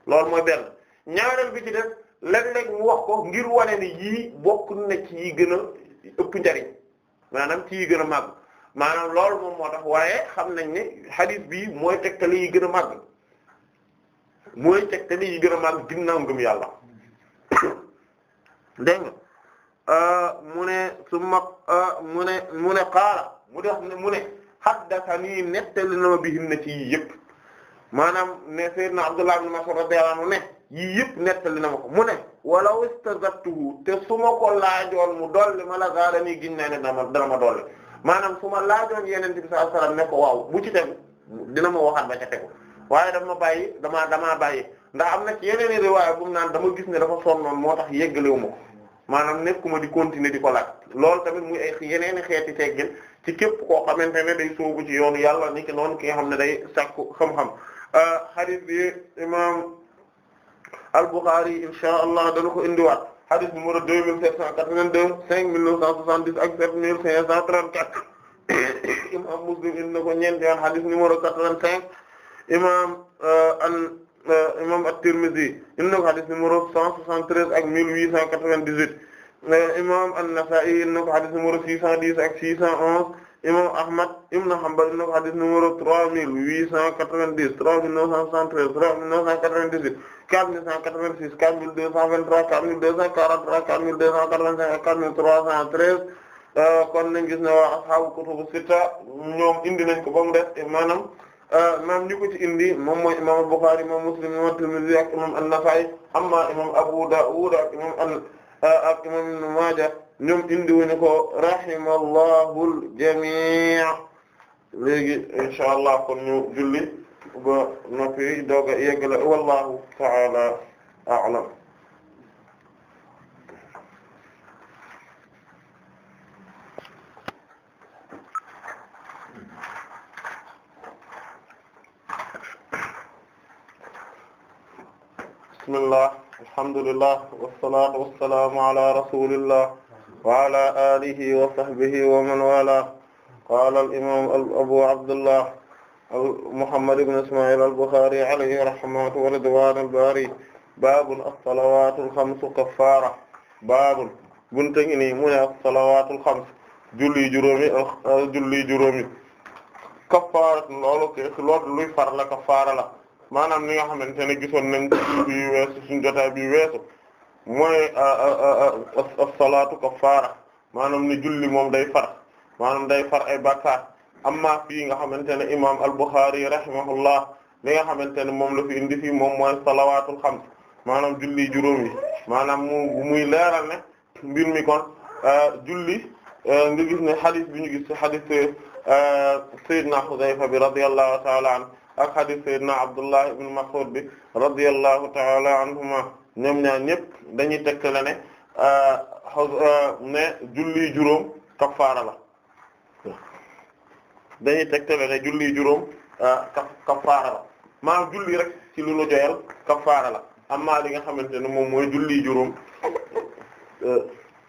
loolu mooy benn ñaareel bi ci def léeg-léeg mu wax ko ngir wane ni yii bokk na ci ëpp njariñ maanaam ci yi gën a màgg maanaam loolu moom moo tax waaye xam nañ ne hadith bi mooy tegtali yi gën a màgg mooy tegtali yi gën a màgg ginnaaw ngëm yàlla *coughs* dégg nga euh, mu ne summa euh, mu ne mu ne qaala mu def mu ne haddathanii nettali na ma bihin na ci yii yëpp maanaam ne sayyidna Abdullah ibn Mas'ud radiyallahu anhu ne yii yëpp nettali na ma ko mu ne walaw istazattuhu te su ma ko laajoon mu dolli ma la zaadanii giñ naa ne dana ma dana ma dolli maanaam su ma laajoon yeneen bi sallallahu alayhi wasallam ne ko waaw bu ci tegu dina ma waxaat ba ca tegu waaye dama bàyyi damaa damaa bàyyi ndax am na ci yeneen i riwaaya bu mu naan dama gis ne dafa noon moo tax yeggalewu ma ko maanaam nekkuma di continuer di ko laaj loolu tamit muy ay yeneen xeeti teggin ci képp koo xamante ne day soobu ci yoon yàlla ni ki noonu ki nga xam ne day sakku xam-xam euh, hadith bi al-Bukhari insha Allah dana ko indiwaat hadith numéro deux mille sept cent quatre-vingt-deux cinq mille neuf cent soixante-dix ak sept mille cinq cent trente-quatre *coughs* imam Muslim indi ko ñeenti yoon hadith numéro quatre-vingt-cinq imam euh, an euh, imam at ko hadith numéro cent soixante-treize ak mille huit cent quatre-vingt-dix-huit euh, imam an-Nasa'i indi ko hadith numéro six cent dix ak six cent onze imam Ahmad ibn Hanbal na ko hadith numéro 3890 3973 3998 4186 4223 4243 4285 4313 kon nañ gis ne waa ashaabu kutubu sitta ñoom indi nañ ko ba mu des maanaam euh, maam ñu ko ci indi moom mooy imam Bukhari imam Muslim imam Tirmidhi ak imam An-Nasa'i amma imam Abu Dawud ak imam euh, ak imam Ibn Majah ñoom indi wuñu ko rahimallahul jamii léegi insha allah kon ñu julli ba noppi dooga yeggale wallahu ta'ala a'lam bismillah alhamdulillah wassalatu wassalamu ala rasulillah وعلى آله وصحبه ومن والاه قال الإمام أبو عبد الله محمد بن إسماعيل البخاري عليه رحمة ورضوان الباري باب الصلوات الخمس كفارة باب bunte ngi nii mu ne as-salawaatul xams julli juróomi euh, julli juróomi kafaara loolu loolu luy far la kafaara la maanaam ni nga xamante ne gisoon nañ ci bi weesu suñu jotaay bi weesu mooy as-salaatu kaffaara maanaam ne julli moom day far maanaam day far ay bàkkaar amma fii nga xamante ne imaam al-Bukhari rahimahullah li nga xamante ne moom la fi indi fii moom mooy salawaatul xams maanaam julli juróom yi maanaam mu muy leeral ne mbir mi kon julli nga gis ne xadis bi ñu gis ci xadis sayyidina Xudayfa bi radiyallahu ta'ala anhu ak xadis sayyidina Abdullah ibn Mas'ud bi radiyallahu ta'ala anhuma ñoom ñaar ñëpp dañuy tekk la euh, euh, ne julli juróom kafaara la dañuy tegtale ne julli juróom euh, kafaara la maanaam julli rek ci lu la joyal kafaara la amma li nga xamante ne moom mooy julli juróom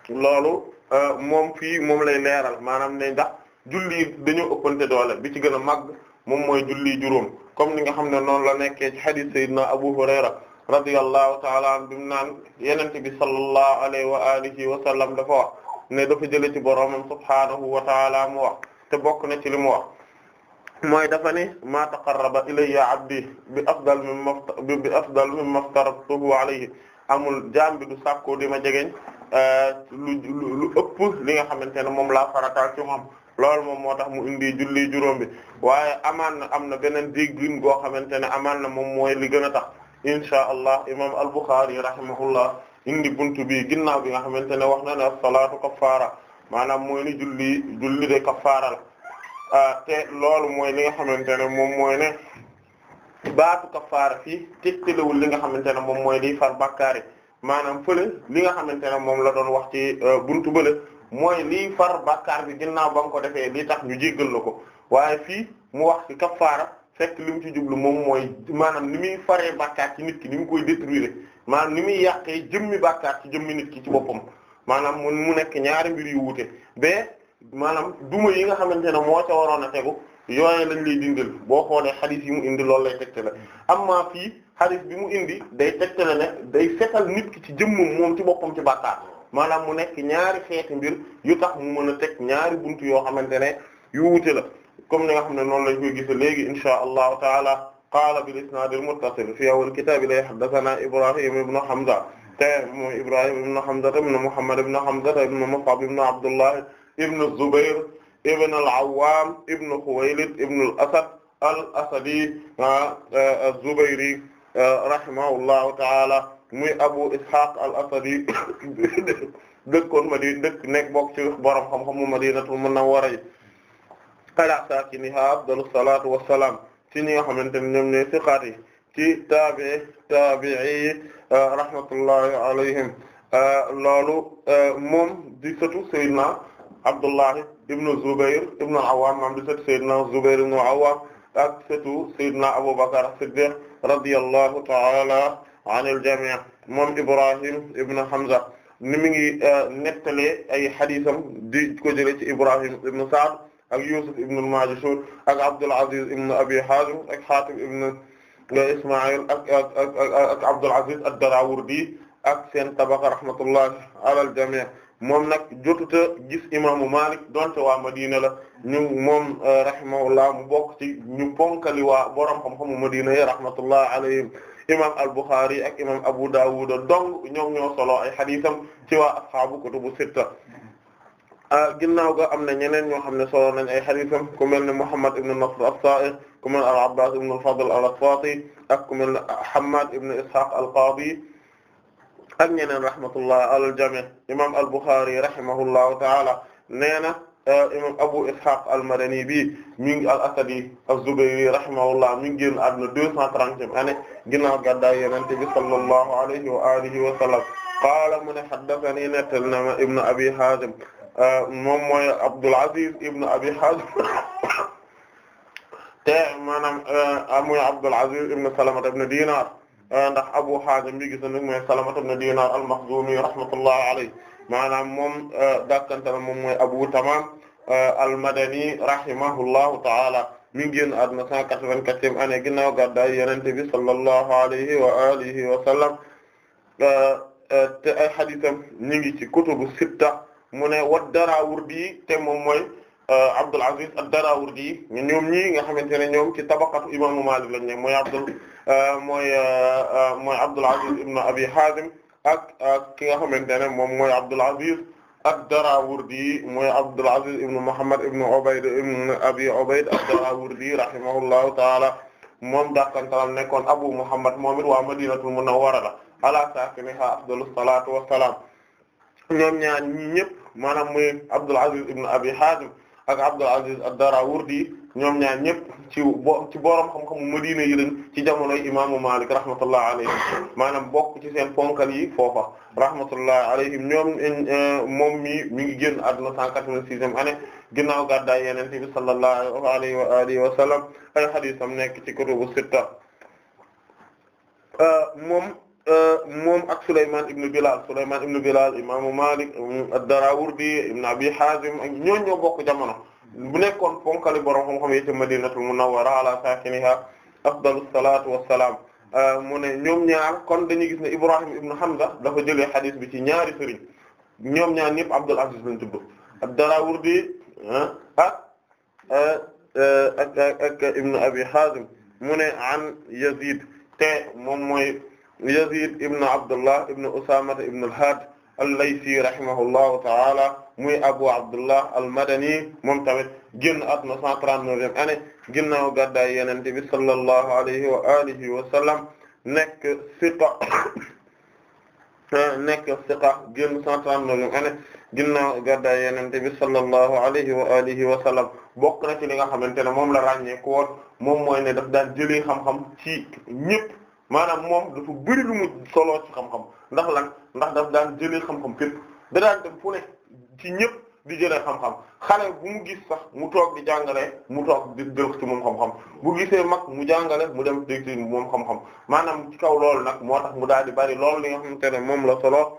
loolu moom fii moom lay leeral maanaam ne ndax julli dañoo ëppante doole bi ci gën a màgg moom mooy julli juróom comme ni nga xam ne noonu la nekkee ci hadith sayyidina Abu Hurayra radiyallahu ta'ala an bi mu naan yenente bi sallallahu alayhi wa alihi wa sallam dafa wax ne dafa jële ci boroomam subhaanahu wa ta'ala mu wax te bokk na ci li mu wax mooy dafa ni ma taqarraba ilayya abdi bi afdal mimma bi afdal mimma aftaratuhu alayhi amul jaam bi du sàkkoo di ma jegeñ eh, lu lu ëpp li nga xamante ne moom laa farataal ci moom loolu moom moo tax mu indi julli juróom bi waaye amaan na am na beneen déggin goo xamante ne amaan na moom mooy li gën a tax insha allah imam al-Bukhari rahimahullah indi bunt bi ginnaaw bi nga xamante ne wax na ne as-salaatu kaffaara maanaam mooy ni julli julli de kaffaara la ah, te loolu mooy li nga xamante ne moom mooy ne baatu kaffaara fii wul li nga xamante ne moom mooy liy far bakkaari maanaam fële li nga xamante ne moom la doon wax ci euh, buntu bële mooy liy far bakkaar bi ginnaaw ba nga ko defee li tax ñu jéggal la ko waaye fii mu wax ci fekk li mu ci jublu moom mooy maanaam ni muy faree bàkkaar ci nit ki ni mu koy détruire maanaam ni muy yàqee jëmmi bàkkaar ci jëmmi nit ki ci boppam maanaam mun mu nekk ñaari mbir yu wuute mais maanaam duma yi nga xamante ne moo ca waroon a tegu yooye lañ lay dindil boo xoolee xadis yi mu indi loolu lay tegtale amma fii xadis bi mu indi day tegtale ne day fetal nit ki ci jëmmam moom ci boppam ci bàkkaar maanaam mu nekk ñaari xeeti mbir yu tax mu mën a teg ñaari buntu yoo xamante ne yu wuute la comme ni nga xam ne noonu lañ koy gise léegi inshaa allahu taala qaala bil isnaadil muttasil fi awwal kitaab lay haddathanaa Ibrahim ibn Hamza te moom Ibrahim ibn Hamza ibn Muhammad ibn Hamza ibn Mus'ab ibn Abdullah ibn Zubayr ibn al-Awwam ibn Khuwaylid ibn al-Asad al-Asadi az-Zubayri rahimahullahu taala muy Abu Ishaq al-Asadi *coughs* dëkkoon Madina dëkk nekk bokk ci borom xam-xam mu Madinatul Munawwara ala saakinihaa afdalu salaatu wa salaam ci ñi nga xamante ne ñoom ñooy siqaat yi ci taabii taabii rahmatullahi ibn Zubair ibn Awwam maam di sëtu ak sëtu Seydina Abubakar Siddiq radiyallahu ta'ala anil jami' moom Ibrahim ibn Hamza ni mi ngi nettalee ay xadiisam di ko Ibrahim ibn Sa'd ak Yusuf ibn al ak Abdul Aziz ibn Abi Hazim ak Hatim ibn Isma'il ak ak Abdul Aziz ad-Darawardi ak seen tabaqa rahmatullah ala al-jami' moom nag jotuta gis imaamu Malik waa Madina la ñu moom euh, rahimahullah mu bokk ci ñu ponkali waa borom xam-xamu Madina rahmatullah alayhim imam al-Bukhari ak imam Abu Dawud dong ñoom ñoo solo ay xadiisam ci waa ashaabu kutubu sitta Ah, ginnaaw ga am na ñeneen ñoo xam ne solo nañ ay xadiisam ku mel ne Muhammad ibn Nasr as-Sa'i ku mel ne al-Abbas ibn al-Fadl al-Asfati ak ku mel ne Hammad ibn Ishaq al-Qadi ak ñeneen rahmatullah alal jami' imam al-Bukhari rahimahullahu ta'ala nee na ah, imam Abu Ishaq al-Madani bi mi ngi al-Asadi az-Zubayri rahimahullah mi ngi génn àdduna deux cent trentième année ginnaaw gàddaay Yonent bi sallallahu alayhi wa alihi wa sallam qaala mu ne haddathani nettal na ma ibn Abi Hazim Euh, moom mooy Abdul Aziz ibn Abi Hazm *coughs* te maanaam euh, amuy ah, Abdul Aziz ibn Salamata ibn Dinar euh, ndax Abu Hazim bi gis nañ mooy Salamata ibn Dinar al-Makhzumi rahmatullahi alayhi maanaam moom dàkkantana moom mooy Abu Tamam al-Madani rahimahullahu ta'ala mi ngi génn àdduna 184e année ginnaaw gàddaay Yonent bi sallallahu alayhi wa alihi wa sallam te ay hadiisam ñu ngi ci kutubu sitta mu ne wa Darawardi te moom mooy euh, Abdul Aziz ad-Darawardi ñoom ñii nga xamante ne ñoom ci tabaqatu imaamu Maalik lañ ne mooy Abdul euh, mooy euh, mooy Abdul Aziz ibn Abi Haazim ak ak ki nga xamante ne moom mooy Abdul Aziz ad-Darawardi mooy Abdul Aziz ibn Muhammad ibn Ubayd ibn Abi Ubayd ad-Darawardi rahimahullahu ta'ala moom dàqantalam nekkoon Abu Muhammad moom it waa Madinatul Munawwara la ala saakinihaa afdalu salaatu wa salaam ñoom ñaar ñii ñëpp. maanaam muy Abdul Aziz ibn Abi Hatim ak Abdul Aziz ad-Darawardi ñoom ñaar ñëpp ci bo ci borom xam-xamu Madina yi lañ ci jamonoy imaamu Malik rahmatullah alayhim maanaam bokk ci seen ponkal yi foofa rahmatullah alayhim ñoom eh, moom mi mi ngi génn àdduna 186e année ginnaaw gàddaay Yonent bi sallallahu alayhi wa alihi ay hadith am nekk ci kutubu sitta eh, moom. Euh, moom ak Souleymane ibn Bilal Souleymane ibn Bilal imaamu Malik ad-Darawardi ibn Abi Hazim ak ñooñu ñoo bokk jamono bu nekkoon ponkali borom xam-xam yi ci Madinatul Munawwara ala saakiniha afdalus salaatu wassalaam euh, mu ne ñoom ñaar kon dañuy gis ne Ibrahim ibn Hamza dafa jëlee hadith bi ci ñaari sëriñ ñoom ñaar ñëpp Abdul Aziz lañ tudd ad-Darawardi ah euh, ak ak ak ibn Abi Hazim mu an Yazid te moom Yazid ibn Abdullah ibn Usama ibn al-Had al-Laythi ta'ala muy Abu Abdullah al-Madani moom tamit génn àdduna 139e année ginnaaw gàddaay Yonent bi sallallahu alayhi wa alihi wa sallam nekk siqa *coughs* nekk bokk na ci li nga xamante ne moom la ràññee ko woon moom mooy ne daf daan jëlee xam-xam ci ñépp maanaam moom dafa biri lu mu soloo xam-xam ndax lan ndax daf daan jëlee xam-xam fépp da daan dem fu ne ci ñëpp di jëlee xam-xam xale bu mu gis sax mu toog di jàngale mu toog di jël ci moom xam-xam gisee mag mu jàngale mu dem dégg moom xam maanaam ci kaw loolu nag moo tax mu daal di bari lool li nga xamante ne moom la solo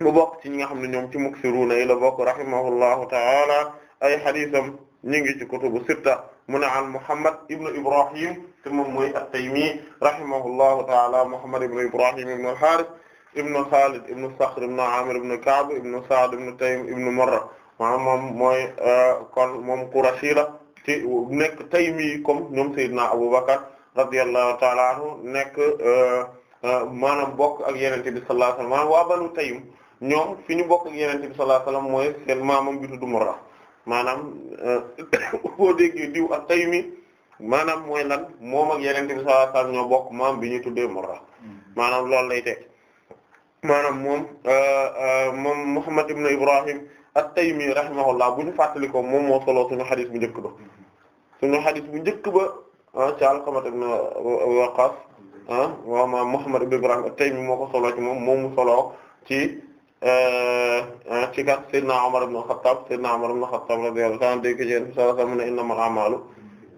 mu bokk ci ñi nga xam ne ñoom ci muksiruna yi la bokk rahimahullahu taala ay xadiisam ñu ngi ci kutubu sitta mu ne an Muhammad ibn Ibrahim te moom mooy at-Taymi rahimahullahu ta'ala Muhammad ibn Ibrahim ibn al-Harith ibn Khalid ibn Sakhr ibn Amir ibn Ka'b ibn Sa'd ibn Taym ibn Murra maanaam moom mooy euh, kon moom Qurashi la ci nekk Taymi comme ñoom Seydina Abu Bakr radiyallahu ta'ala anhu nekk euh, euh, maanaam bokk ak Yonent bi sallallahu alayhi wasallam maanaam waa Banu Taym ñoom fi ñu bokk ak Yonent bi sallallahu alayhi wasallam mooy seen maamam bi tuddu Murra maanaam euh, *coughs* boo déggee diw ak taymi maanaam mooy lan moom ak yeneen bi sallallahu alayhi wasallam ñoo bokk maam bi ñu tuddee Murra mm-hmm. maanaam loolu lay teg maanaam moom euh, euh, moom Muhammad ibn Ibrahim at-Taymi rahimahullah bu ñu fàttalikoo moom moo solo suñu xadis bu njëkk ba mm-hmm. suñu xadis bu njëkk ba ah, ci Alqama ibn Waqas ah waaw maam Muhammad ibn Ibrahim at-Taymi moo ko solo ci moom moom mu solo ci Euh, euh, ci kat Seydina Omar ibn Khattab Seydina Omar ibn Khattab radiyallahu anhu dégg ko ci yenn saa mu ne innamal a'malu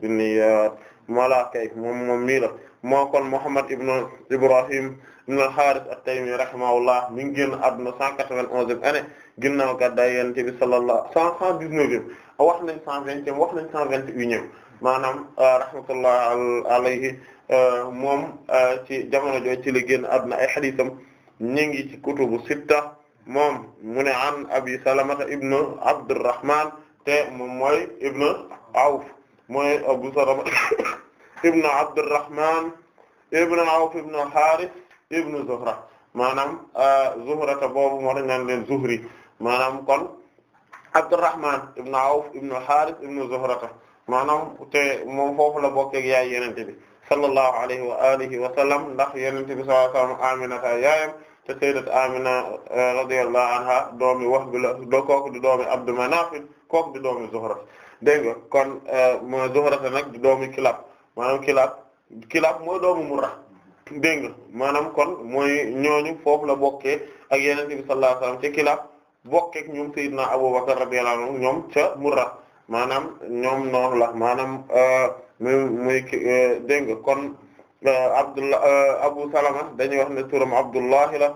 binniyat mala euh, kay moom moom mii kon Muhammad ibn Ibrahim ibn al-Harith at-Taymi rahimahullah mi ngi génn àdduna 191 année ginnaaw gàddaay Yonent bi sallallahu 119 wax nañ 120 wax nañ 121 maanaam rahmatullah alayhi moom ci jamono jooju ci la génn ay hadiisam ñu ci kutubu sitta moom mu ne an abi salamata ibnu abdurrahman te moom mooy ibnu awf mooy abu salama *coughs* ibnu abdurrahman ibnu awf ibnu haris ibnu zuhra maanaam euh, zuhrata boobu moo tax naan leen zuhri maanaam kon abdurrahman ibnu awf ibnu haris ibnu zuhrata maanaam te moom foofu la bokkeeg yaay yenente bi sallallahu alayhi wa alihi wa sallam ndax yenente bi sallallahu alayhi wa sallam aminata yaayam te sayyidat Amina eh, radiyallahu anha doomi Wahb la do kooku di doomi Abdu Manaf kooku di doomi Zuhra dégg kon eh, mo Zuhra nag di doomi Kilab maanaam Kilab Kilab mooy doomu Murra dégg nga maanaam kon mooy ñooñu foofu la bokkee ak Yonent bi sallallahu alayhi wasallam ci Kilab bokkeek ñoom sayyidina Abu Bakr radiyallahu anhu ñoom ca Murra maanaam ñoom noonu la maanaam eh, muy muy kon Euh, Abdullah euh, Abu Salama dañuy wax ne turam Abdullahi la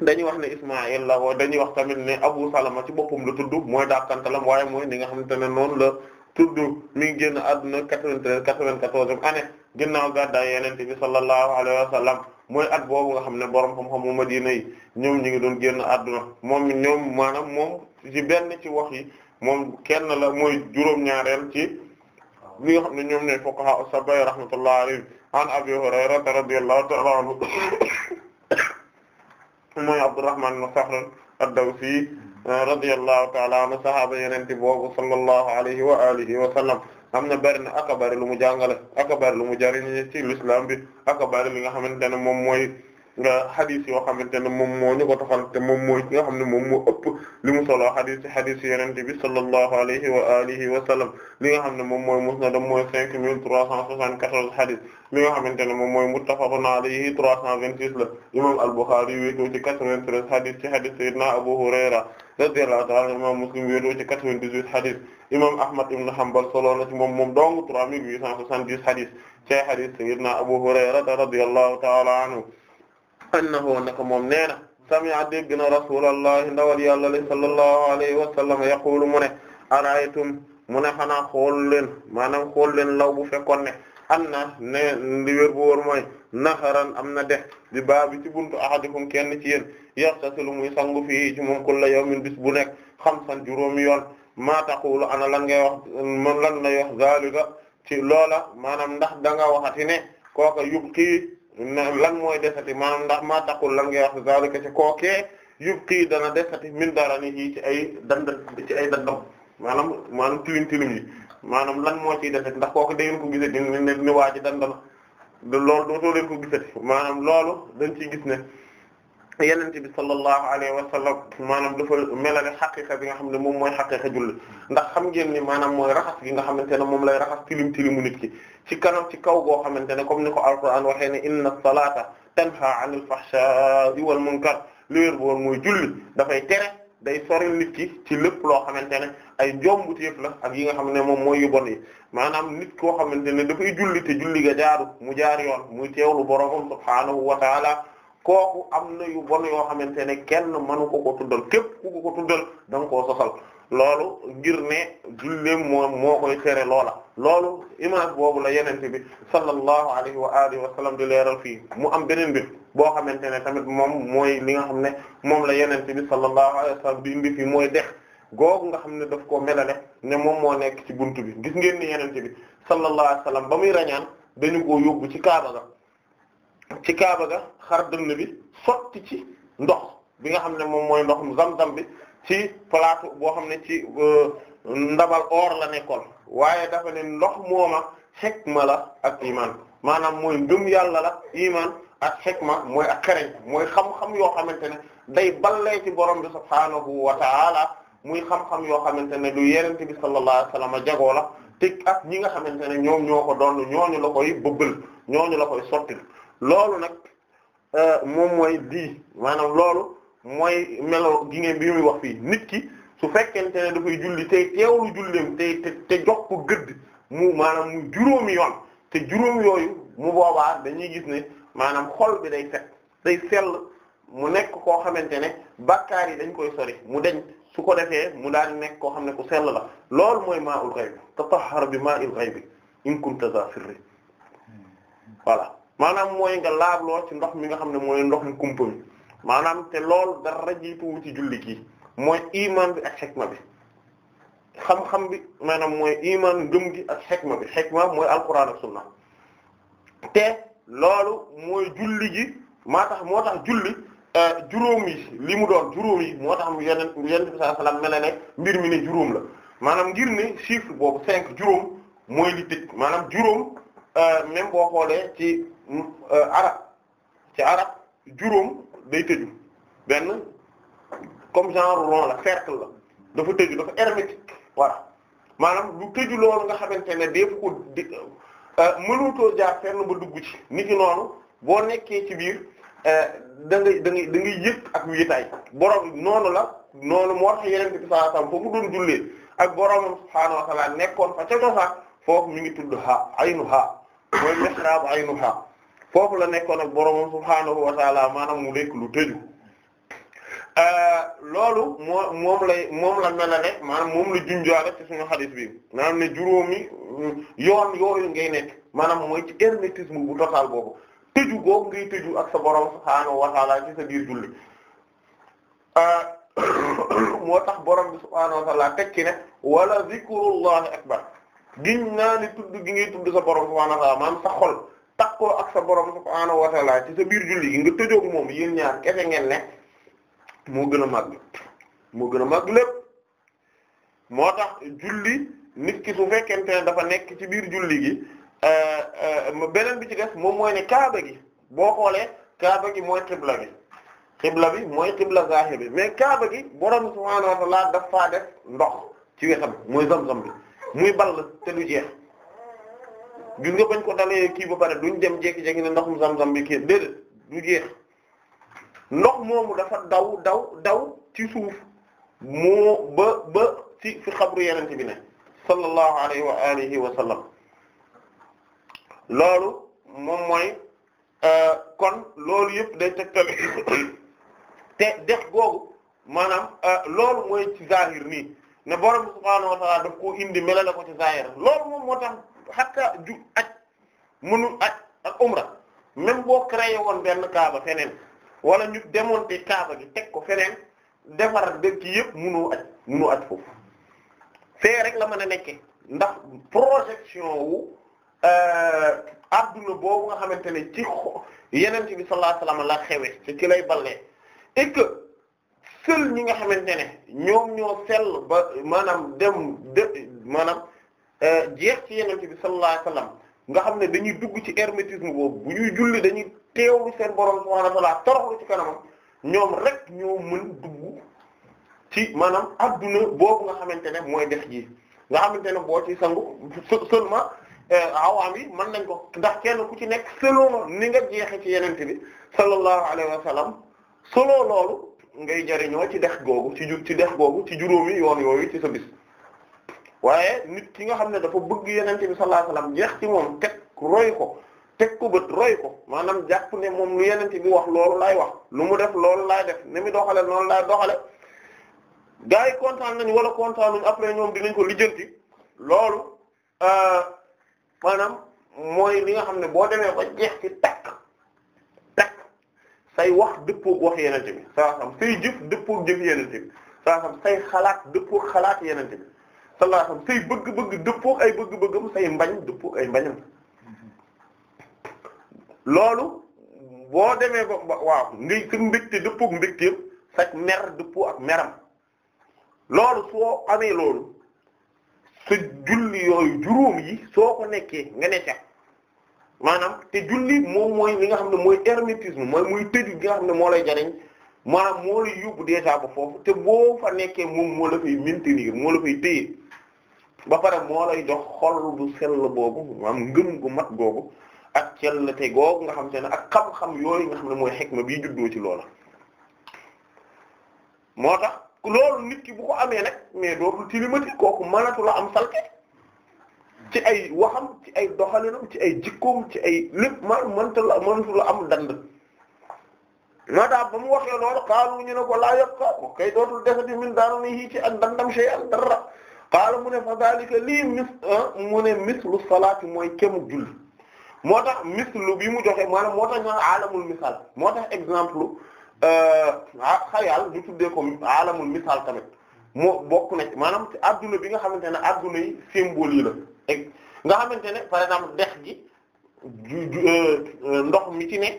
dañuy wax ne Ismaïl la waaye dañuy wax tamit ne Abu Salama ci boppam la tudd mooy dàkkantalam waaye mooy ni nga xamante ne noonu la tudd mi ngi génn àdduna 93 94e année ginnaaw gàddaay Yonent bi sallallahu alayhi wa sallam mooy at boobu nga xam ne boroom xam-xamu Madina yi ñoom ñu ngi doon génn àdduna moom ñoom maanaam moom ci benn ci wax yi moom kenn la mooy juróom-ñaareel ci li nga xam ne ñoom ñooy an Abi Hurayrata radiyallahu ta'ala anhu mooy Abdurrahman ibn Sakhr ad-Dawsi radiyallahu ta'ala anhu sahaaba yenente boobu sallallahu alayhi wa alihi wa sallam am na bari na aka bari lu mu jàngale aka bari lu mu jariñ ci l'islam bi aka bari li nga xamante ne moom mooy xadis yoo xamante ne moom moo ñu ko taxal te moom mooy ki nga xam ne moom moo ëpp li mu solo xadis ci xadis yonent bi sallallahu alayhi wa alihi wa sallam li nga xam ne moom mooy musnadam mooy cinq mille trois cent soixante-quatorze xadis li nga xamante ne moom mooy muttafaqun alayhi trois cent vingt-six la imam al-Bukhari wéetoo ci quatre-vingt-treize xadis ci xadis sayyidina Abu Hurayra radiyallahu ta'ala imam Muslim wéetoo ci quatre-vingt-dix-huit xadis imam Ahmad ibn Hanbal solo na ci moom moom dong trois mille huit cent soixante-dix xadis ci xadis sayyidina Abu Hurayra radiyallahu ta'ala anhu annahu naka moom nee na sami'a dégg na rasulallahi ndawal yàlla li sallallahu alayhi wa sallam yaqulu mu ne araytum mu ne xanaa xool leen maanaam xool leen law bu fekkoon ne am na ne li wér bu wóor mooy naharan am na dex di baabi ci buntu ahadikum kenn ci yéen yaxtasilu muy sangu fii ci moom kulla yawmin bis bu nekk xamsan juróomi yoon maa taqulu ana lan ngay wax lan lay wax zalika ci loola maanaam ndax da nga kooka yubqi lan mooy desati maanaam ndax maa taqul lan ngay wax zalika ci kookee kii dana desati min daranihi ci ay danda ci ay dandam maanaam maanaam tilim tilim yi maanaam lan moo ci desati ndax kooku dangeen ko gisati ni waa ji dandam loolu dootoo leen ko gisati maanaam loolu dañ ciy gis ne yenente bi sallallahu alayhi wa sallam maanaam dafa melale xaqiqa bi nga xam ne moom mooy xaqiqa julli ndax xam ngeen ni maanaam mooy raxas gi nga ne moom lay raxas tilim tilimu nit ki ci kanam ci kaw goo xamante ne comme ni ko alquran waxee ne inna salata tanha anil fahsha'i wal munkar léer boon mooy julli dafay tere day soril nit ki ci lépp loo xamante ne ay njombuteef la ak yi nga xam ne moom mooy yu bon yi maanaam nit koo xamante ne dafay julli te julli ga jaaru mu jaar yoon mu teewlu boroomam kooku am na yu bon yoo xamante ne kenn mënu ko ko tuddal képp ku ko ko tuddal danga nga koo sosal loolu ngir ne julleem moom moo koy tere loola loolu image boobu la yenente bi sallallahu alayhi wa alihi di leeral fii mu am beneen mbir boo xamante ne tamit moom mooy li nga xam ne moom la yenente bi sallallahu alayhi wa sallam di indi fii mooy dex googu nga xam ne daf koo melale ne moom moo nekk ci buntu bi gis ngeen ni yenente bi sallallahu alayhi ba muy rañaan dañu koo yóbbu ci kaaba ga ci kaaba ga xar dënn bi sotti ci ndox bi nga xam ne moom mooy ndox zam-zam bi ci plateau boo xam ne ci euh, ndabal or la nekkoon waaye dafa ne ndox mooma xekma la ak iman maanaam mooy ngëm yàlla la iman ak xekma mooy ak xereñ mooy xam-xam yoo xamante ne day ballee ci borom bi subhaanahu wa ta'ala muy xam-xam yoo xamante ne lu yerente bi sallallahu alayhi wasallam jagoo la te ak ñi nga xam xamante ne ñoom ñoo ko doon ñooñu la koy bëbbal ñooñu la koy sottil loolu nag euh, moom mooy di maanaam loolu mooy melo gi ngeen bi muy wax fii nit ki su fekkente ne dafay julli tey teewlu julleem tey te te gëdd mu maanaam mu juróom yoon te juróom yooyu mu boobaa dañuy gis ne maanaam xol bi day set day sell mu nekk koo xamante ne bakkaar yi dañ koy sori mu deñ su ko defee mu daal nekk koo xam ne ku sell la lool mooy maa ul xayb tatahhar bi maa ul xayb in kunta za sirri maanaam mooy nga laabloo ci ndox mi nga xam ne mooy ndoxum kumpa mi maanaam te loolu dara jiituwu ci julli gi mooy iman bi ak xekma bi xam-xam bi maanaam mooy iman ngëm gi ak ma bi xekma mooy alquran ak sunna te loolu mooy julli gi maa tax moo tax julli euh, juróom li mu doon juróom yi moo tax yeneen yeneen bi sallallahu mbir mi ne juróom la maanaam ngir ne chiffre boobu cinq juróom mooy li tëj maanaam juróom euh, même xoolee ci Euh, arab ci arab juróom day tëju benn comme genre rond la cercle la dafa tëju dafa hermétique voilà maanaam lu tëju loolu nga xamante ne def ko di euh, euh, mënutoo jaar fenn ba dugg ci nit ki noonu boo nekkee ci biir da ngay da ngay da ngay yëg ak wéetaay borom noonu la noonu moo tax yeneen bi sallallahu alayhi wasallam foofu doon jullee ak boromam subhaanahu wa nekkoon fa ca dofa foofu mi ngi tudd ha aynu ha mooy mihrab aynu ha foofu la nekkoon ak boroomam subhaanahu wa taala maanaam mu nekk lu tëju euh, loolu moo moom lay moom la melale maanaam moom la junjaale ci suñu xadis bi maanaam ne juróomi euh, yoon yooyu ngay nekk maanaam mooy ci hermétisme bu total boobu tëju googu ngay tëju ak sa boroom subhaanahu wa taala ci sa biir julli euh, *coughs* moo tax borom bi subhaanahu wa tekki ne wala zikrullahi akbar giñ naa ni tudd gi ngay tudd sa borom subhaanahu wa taala sa xol takkoo ak sa borom subhaanahu wa taala ci sa biir julli gi nga tëjoog moom yéen ñaar kese ngeen ne moo gën a màgg moo gën a mag lépp moo tax julli nit ki su fekkente ne dafa nekk ci biir julli gi euh, euh, beneen bi ci def moom mooy ne kaaba gi boo xoolee kaaba gi mooy xibla bi xibla bi mooy xibla zahir bi mais kaaba gi borom subhaanahu wa taala daf faa def ndox ci wetam mooy zam-zam bi muy ball te du jeex. gis nga bañ ko dalee kii ba pare ñu dem jékki-jékki ne ndoxum zam-zam bi kii déedéet du jeex ndox moomu dafa daw daw daw ci suuf moo bi ne sallallahu alayhi wa alihi wa loolu moom mooy euh, kon loolu yëpp day tegtal *coughs* te dex googu maanaam euh, loolu mooy ci zahir nii ne borom subhaanahu wa ta'ala daf koo indi melale ko ci zahir loolu moom moo tax hatta ju aj mënul aj ak umra même boo créé woon benn kaaba feneen wala ñu démonter kaaba gi teg ko feneen defar dëkk yëpp mënoo aj mënoo aj foofu fee rek la mën a nekke ndax projection wu euh, adduna boobu nga xamante ne ci yenente bi sallallahu alayhi la xewe ci ci lay ballee et que ñi nga xamante ne ñoom ñoo sell ba maanaam dem de maanaam Euh, jeex ci yenente bi sallallahu alayhi nga xam ne dañuy dugg ci hermétisme boobu bu ñuy julli dañuy teewlu seen borom subhaanahu wa ta'ala toroxlu ci kanamam ñoom rek ñoo mën dugg ci maanaam adduna boobu nga xamante ne mooy dex ji nga xamante ne boo ci sangu seulement euh, awaam yi mën nañ ko ndax kenn ku ci nekk selon ni nga jeexe ci yenente bi sallallahu alayhi wa sallam selon loolu ngay jariñoo ci dex googu ci ju ci dex googu ci juróomi yoon yooyu ci sa bis waaye nit ki nga xam ne dafa bëgg yenente bi sallallahu alayhi wasallam jeex ci moom teg roy ko teg ko bët roy ko maanaam jàpp ne moom lu yenente bi wax loolu laay wax lu mu def loolu laay ni mu doxale noonu laay doxale gars yi kontaan nañ wala kontaanuñ après ñoom dinañ ko lijjanti loolu euh, maanaam mooy li nga xam ne boo demee ba jeex ci takk wax dëppoog wax yenente bi saa xam say jëf dëppoog jëf yenente bi saa xam say xalaat dëppoog xalaat yenente bi sallallahu alayhi wa say bëgg-bëgg dëppook ay bëgg-bëggam say mbañ dëppook ay mbañam loolu boo demee ba waaw ngay sa mbégte dëppook mbégteem sax mer dëppoo ak meram loolu soo amee loolu sa julli yooyu juróom yi soo ko nekkee nga ne ca maanaam te julli moom mooy li nga xam ne mooy hermétisme mooy muy tëju gi nga xam ne moo lay jariñ maanaam moo lay yóbbu déjà ba foofu te boo fa nekkee moom moo la fay maintenir moo la fay téye ba pare moo lay jox xol bu sell boobu maanaam ngëm gu mat googu ak cellte googu nga xam te ne ak xam-xam yooyu nga xam ne mooy xikma bi juddoo ci loola moo tax loolu nit ki bu ko amee nag mais dootul tilimati kooku mënatu la am salte ci ay waxam ci ay doxalinam ci ay jikkoom ci ay lépp man mënta la mënatu am dand maanaam ba mu waxee loolu xaalu ñu ne ko laa yokk ko kay dootul defati min daanu ni ci ak dandam shay an dara qaala mu ne fa daalika lii mis ah, mu ne mislu salaati mooy kemug julli moo tax mislu bi mu joxee maanaam moo tax ñu alamul misaal moo tax exemple euh, ah, xayal ñu tuddee ko alamul misaal moo bokk na maanaam ci adduna bi nga xamante ne adduna yi symbole yi la nga xamante ne par exemple dex gi euh, euh, ndox mi ci ne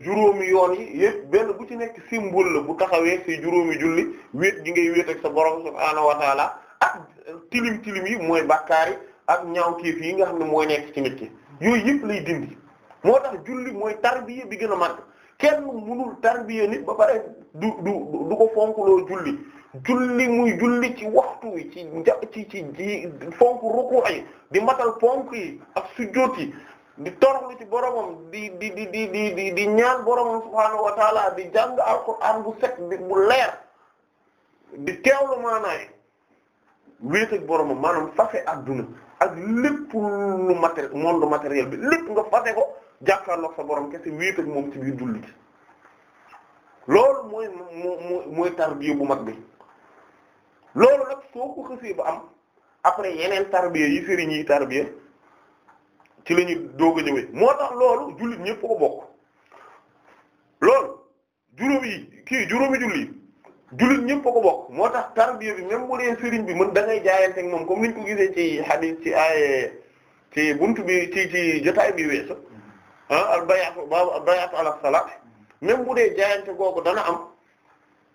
juróomi yoon yi yëpp benn bu ci nekk symbole la bu taxawee ci juróomi julli wéet gi ngay wéet ak sa borom subhaanahu wa ak tilim tilim yi mooy bàkkaar yi ak ñaawteef yi nga xam ne mooy nekk ci nit ki yooyu yëpp lay dindi moo tax julli mooy tarbiya bi gën a mag kenn mënul tarbiya nit ba pare du du du ko fonkloo julli julli muy julli ci waxtu wi ci ci ci ci fonk ruku yi di matal fonk yi ak sujjóot yi di toroxlu ci boromam di di di di di di di ñaan boromam subhaanahu wa di jàng alquran bu set bu leer di teewlu maanaay wéet ak boromam maanaam fase adduna ak lépp lu matéri monde matériel bi lépp nga fase ko jàkkaarloog sa borom kese wéet ak moom ci biir julli gi loolu mooy mooy mooy tarbiya bu mag bi loolu nag soo ko xësee ba am après yeneen tarbiya yi sëriñ yi tarbiya ci la ñuy doog a ñëwee moo tax loolu jullit ñëpp ko bokk loolu juróom kii juróomi julli jullit ñëpp ko bokk moo tax tarbiya bi même bu dee sëriñ bi mën da ngay jaayante ak moom comme niñ ko gisee ci hadith ci ay ci bunt bi ci ci jotaay bi weesu a ah, al bay'atu baabu al bay'atu ala bu dee jaayante googu dana am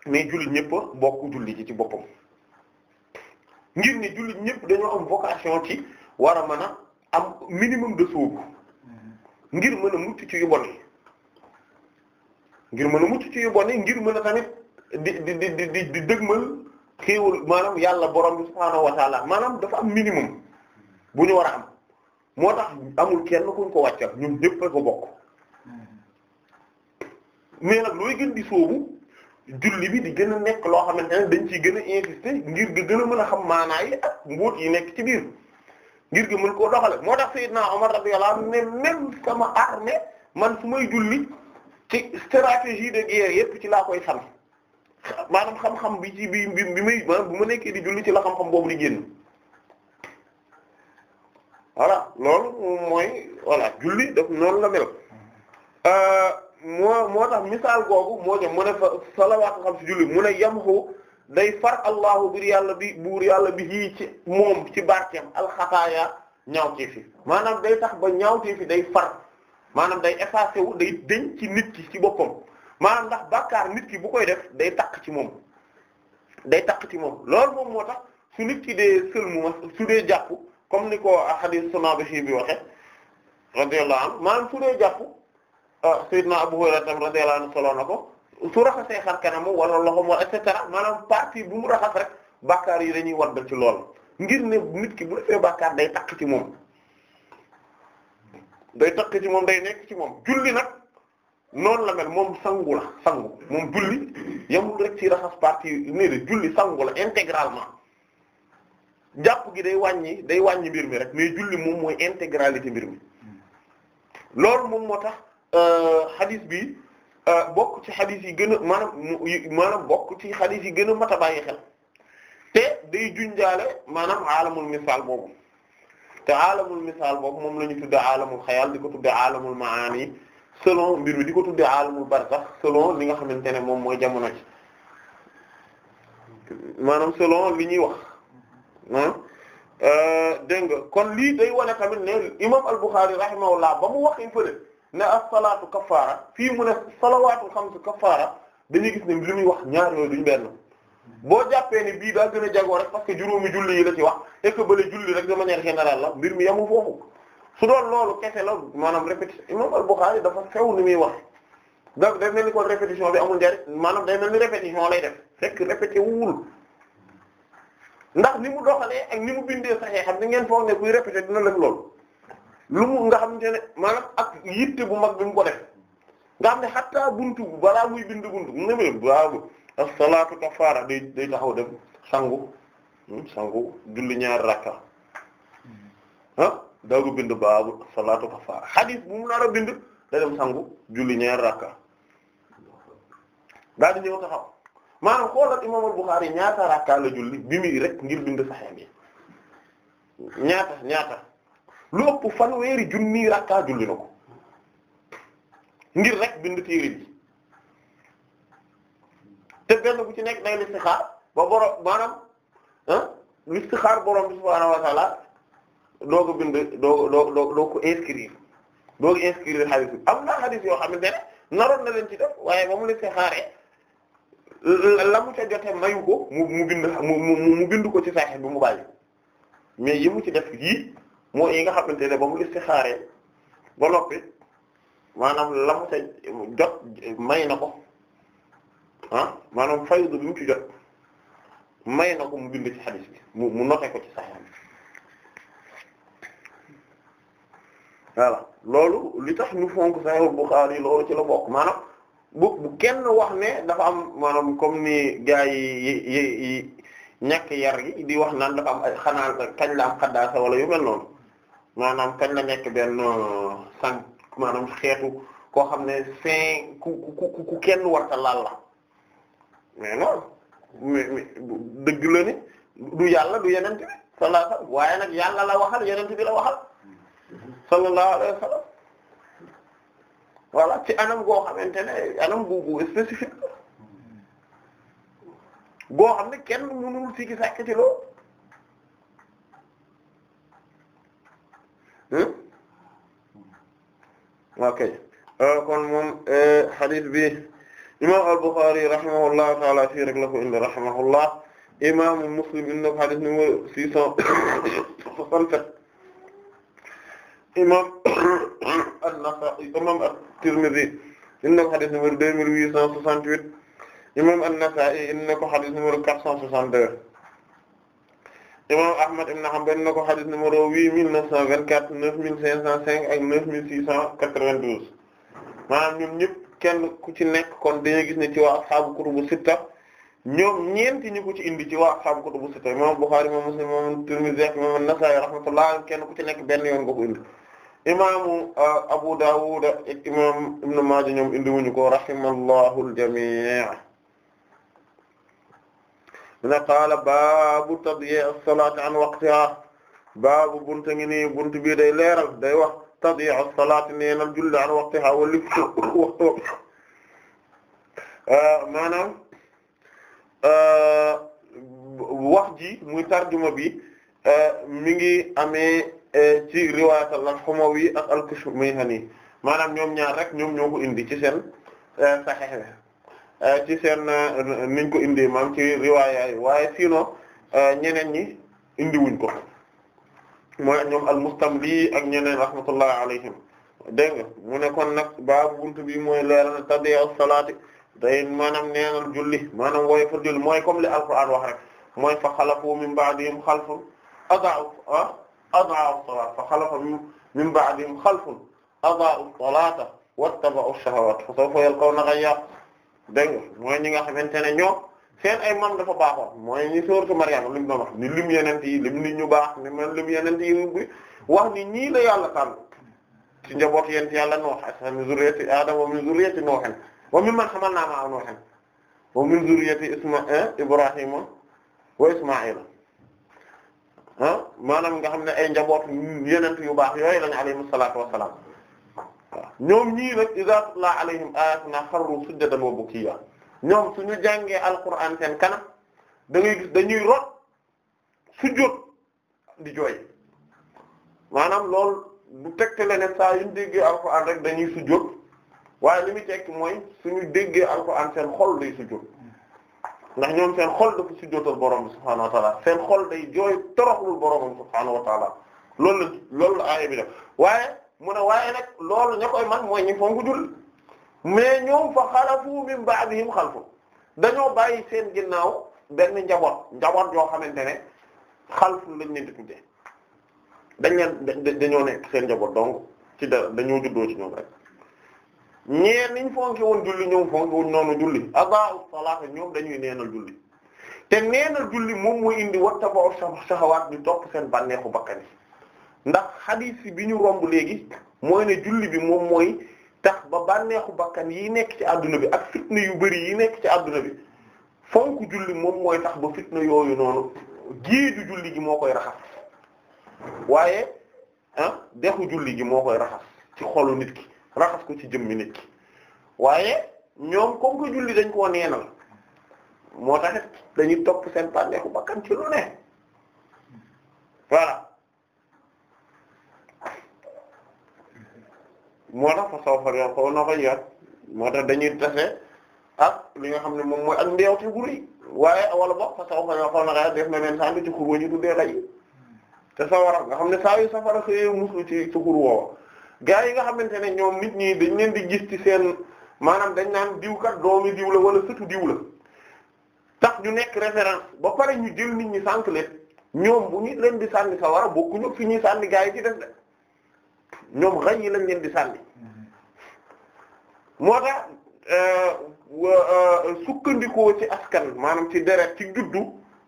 mais jullit ñëpp bokk julli ci ci boppam ngir ni jullit ñëpp dañoo am vocation ci war a mën a am minimum de soobu ngir mën a mucc ci yu mën a mucc ci yu ngir mën a tamit di di di di di dëgmal xéewal maanaam yàlla borom bi subhaanahu wa maanaam dafa am minimum bu ñu war a am moo tax amul kenn kuñ ko wàccal ñun ñëpp a ko bokk mais nag looy gën di sóobu julli bi di gën a nekk loo xamante ne dañ ciy gën a insister ngir nga gën a mën a xam maanaa yi ak mbóot yi nekk ci biir ngir nga mën koo doxale moo tax Seydina Omar radiyallahu anhu ne même sama armée man su may julli ci stratégie de guerre yépp ci laa koy sànni. maanaam xam-xam bi ci bi bi may bu ma nekkee di julli ci la xam-xam boobu di génn voilà loolu mooy voilà julli daf noonu la mel euh, moo moo tax misaal googu moo jëm mu ne fa salawaat xam si julli mu ne yamhu day far allahu bir yàlla bi buur yàlla bi yii ci moom ci barkeem alxataaya ñaawtee fi maanaam day tax ba ñaawtee fi day far maanaam day effacé wu day deñ ci nit ki ci boppam maanaam ndax bàkkaar nit ki bu koy def day takk ci moom day takk ci moom loolu moom moo tax su nit ki dee sëlmu su dee jàpp comme ni ko hadith Sunabihi bi waxe radiyallahu anhu maanaam su dee jàpp ah, Sayyidna Abu Hurayra tam radiyallahu anhu solo na ko su raxasee xar kanam wala loxom wala et maanaam partie bu mu raxas yi dañuy wadd ci lool ngir nit ki bu day takk ci moom day takk ci moom day nekk ci moom julli nag noonu la mel moom sangu la sangu moom julli yamul rek ci raxas partie nii de julli sangu la intégralement jàpp gi day wàññi day wàññi mbir mi rek mais julli moom mooy intégralité mbir mi loolu moom moo tax euh, hadith bi euh, bokk ci hadith yi gën a maanaam maanaam bokk ci hadith yi gën a mat a bàyyi xel te day junjaale maanaam aalamul misaal boobu te aalamul misaal boobu moom la ñu tudde aalamul xayal di ko tudde aalamul maani selon mbir mi di ko tuddee alamul barzax selon li nga xamante ne moom mooy jamono ji maanaam selon li ñuy wax ah euh, dégg nga kon lii day wane tamit ne imam al-Bukhari rahimahullah ba mu wax waxee fële ne as-salaatu kafaara fii mu ne salawaatul xamsu kafaara dañuy gis ne li muy wax ñaar yooyu duñ benn boo jàppee ne bii daa gën a jagoo rek parce que juróomi julli yi la ci wax et que bële julli rek de manière générale la mbir mi yamul foofu su doon loolu kese la maanaam répétition imam al-Bukhari dafa xew ni muy wax donc day mel ni kon répétition bi amul njariñ maanaam day mel ni répétition lay def fekk répété wul ndax ni mu doxale ak ni mu bindee saxee xam ni ngeen foog ne buy répété dina def loolu lu mu nga xamante ne maanaam ak yitte bu mag bi mu ko def nga xam ne xatta buntu balaa muy bind buntu mu ne ma waaw as-salaatu kafaara day day taxaw dem sangu hmm, sangu julli ñaar rakka ah. daagu bind baabu salaatu kafaara xadis bu mu nar a bind da dem sangu julli ñaar rakka daal di ñëw taxaw maanaam xoolal imaam al ñaata rakka la julli bi muy rek ngir bind saxee bi ñaata ñaata lu ëpp fanweeri junni rakka julli na ngir rek bind téere te benn bu ci nekk day listixaar ba borom maanaam ah listixaar borom bi doo ko bind doo doo doo ko inscrire doo ko inscrire bi am naa xadis yoo xamante na naroon na leen ci def waaye ba mu la see xaaree la mu ca jotee mayu ko mu bind mu bind ko ci saaxi bi mu bàyyi mais yi mu ci def yii moo yi nga xamante ne ba mu la see xaaree ba noppi la mu may na ko ah maanaam faydu bi mu ci jot may na ko mu bind ci xadis bi mu mu ko ci saaxi voilà loolu li tax ñu fonk Sahih Bukhari loolu ci la bokk maanaam bu bu kenn wax ne dafa am maanaam comme ni gars yi yi yar gi di wax naan dafa am ay xanaa kañ la am xaddaasa wala yu mel noonu maanaam kañ la nekk benn euh, sànq maanaam xeetu koo xam ne fin ku ku ku kenn warta laal la mais non mais dëgg la ni du yàlla du yeneen bi sallallahu alayhi wasallam waaye nag yàlla la waxal yeneen bi la waxal sallallahu alayhi wa sallam voilà ci anam goo xamante ne anam bu bu spécifique xam ne kenn mënul sigi sàkk ci loolu hmm? ok euh, kon moom euh, hadith bi imam al-Bukhari rahimahullahu taala fii rek la ko indi rahimahullah imam Muslim indi na ko hadith *coughs* imam an-Nasa'i imam at-Tirmidhi indi na ko xadis numéro deux mille huit cent soixante huit imam an-Nasa'i indi na ko xadis numéro quatre cent soixante deux imam Ahmad ibn Hanbal indi na ko xadis numéro huit mille neuf cent vingt quatre neuf mille cinq cent cinq ak neuf mille six cent quatre vingt douze maanaam ñun ñëpp kenn ku ci nekk kon dañuy gis ne ci waa ashaabu kutubu sitta ñoom ñeenti ñu ko ci indi ci waa ashaabu kutubu sitta imam Bukhari imam Muslim imam Tirmidhi ak imam an-Nasa'i rahmatullah kenn ku ci nekk benn yoon nga ko indi imaamu uh, Abu Dawud ak imaam Ibn Maaja ñoom indi wuñu ko rahimallahu al-jamii' na qaala baabu tadyi'i as-salaati an waqtihaa baabu buntu ngi nii buntu bii day leeral day wax tadyi'i as-salaati neenal julli an waqtihaa wala waxtu uh, maanaam uh, wax ji muy tarjuma bi mi ngi amee. Eh, ci riwaayat al-Humawi ak al-Kushmayhani maanaam ñoom ñaar rek ñoom ñoo ko indi ci seen eh, Sahih eh, ci seen niñ ko indee maam ci riwaaya yi waaye sinon ñeneen ñi wuñ ko mooy ñoom al-Mustamli ak ñeneen rahmatullahi alayhim dégg nga mu ne kon nag baabu buntu bi mooy leeral tadiya salaati day maanaam neenal julli maanaam wooye fa julli mooy comme li alquran wax rek mooy fa xalafu min ba'dihim xalfun adaa'u ah, adaa'u salaata fa khalafa min ba'dihim khalfun adaa'u salaata wattaba'u shahawaat fa sawfa yalqawna ghayya dégg nga mooy ñi nga xamante ne ñoo seen ay mam dafa baaxoon mooy ñi sooratu Maryam li mu doon wax ni lim yeneen yi lim nit ñu baax ni man lim yeneen yi wax ni ñii la yàlla tànn ci njaboot yent yàlla Nuux min zurriyyati Aadama wa min zurriyyati Nuuhin wa mimman hamalnaa ma'a Nuuhin wa min zurriyyati Isma eh, Ibraahiima wa Ismaa'iila ah maanaam nga xam ne ay njaboot yenent yu baax yooyu lañu alayhim salaatu wassalaam ñoom ñii nag iza tutla alayhim ayaatuna xarru bu kii bukiyya ñoom suñu jàngee alquran seen kanam da dañuy rot sujjóot di jooy maanaam loolu du tegtale ne saa yuñ déggee alquran rek dañuy sujjóot waaye li muy tekki mooy suñu déggee alquran seen xol day sujjóot ndax ñoom seen xol dafa sujjóotal borom bi subhaanahu wa taala seen xol day jooy toroxlul boromam subhaanahu wa taala loolu la loolu la aaya bi def waaye mu ne waaye nag loolu ña koy man mooy ñi fonk julli mais ñoom fa xalafu min ba'dihim xalfun dañoo bàyyi seen ginnaaw benn njaboot njaboot yoo xamante ne xalfun lañ leen di tuddee dañ leen dañoo nekk seen njaboot donc ci da dañoo juddoo ci ñoom rek ñee niñ fonki woon julli ñoom fonki wuñ noonu julli adaa salaata ñoom dañuy neenal julli te neenal julli moom muy indi wattaba'u shahawaat ñu topp seen bànneexu bakkan yi ndax hadith bi ñu romb léegi mooy ne julli bi moom mooy tax ba bànneexu bakkan yi nekk ci àdduna bi ak fitna yu bari yi nekk ci adduna bi fonk julli moom mooy tax ba fitna yooyu noonu géeju julli gi moo koy raxas waaye ah dexu julli gi moo koy raxas ci xolu nit ki raxas ko ci jëmmi nit waaye ñoom comme que julli dañ koo neenal moo tax dañuy topp seen bànneexu bakkan ci lu ne voilà moo tax fa sawfa yaquluna moo tax dañuy tase ak li nga xam ne moom mooy ak ndeew ci guri waaye wala boog fa sawfa yaquluna def na leen sànni ci xur wa ñu tuddee lay te sawara nga xam ne saa yu safara xëyee muslu ci ci gaa yi nga xamante ne ñoom nit ñi dañ leen di gis ci seen maanaam dañ naan diw kat doomi diw la wala sëtu diw la tax ñu nekk référence ba pare ñu jël nit ñi sànq leen ñoom bu ñu leen di sàlli sa war a bokkuñu fi ñuy sànni gaa yi ci def de ñoom xëy yi lañ leen di sànni moo tax euh, euh, sukkandikoo ci askan maanaam ci deret ci juddu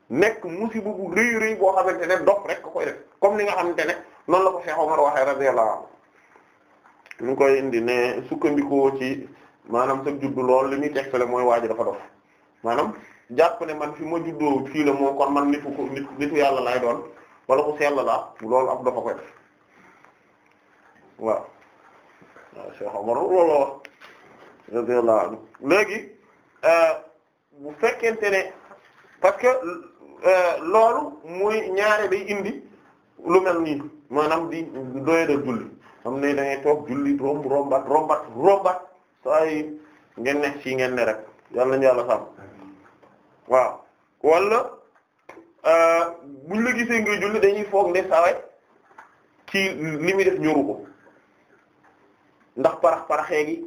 nekk musiba bu rëy rëy boo xamante ne dox rek ko koy def comme ni nga xamante ne noonu la ko Cheikh Omar waxee radiyallahu anhu ñu koy indi ne sukkandikoo ci maanaam sa juddu lool li muy tegtale mooy waa ji dafa dof maanaam jàpp ne man fi ma juddoo fii la moo kon man nitu ko nit nitu yàlla laay doon wala ku sell la lool ab dofa koy def waaw waaw Cheikh loolu léegi euh, bu fekkente ne parce que euh, loolu muy ñaare day indi lu mel nii maanaam di doyadal julli xam ne da toog julli romb rombat rombat rombat saa yi ngeen ci ngeen ne rek yàlla nañu yàlla sàmm waaw wala euh, buñ la gisee ngay julli dañuy foog ne saway ci li muy def ñoru ndax parax paraxee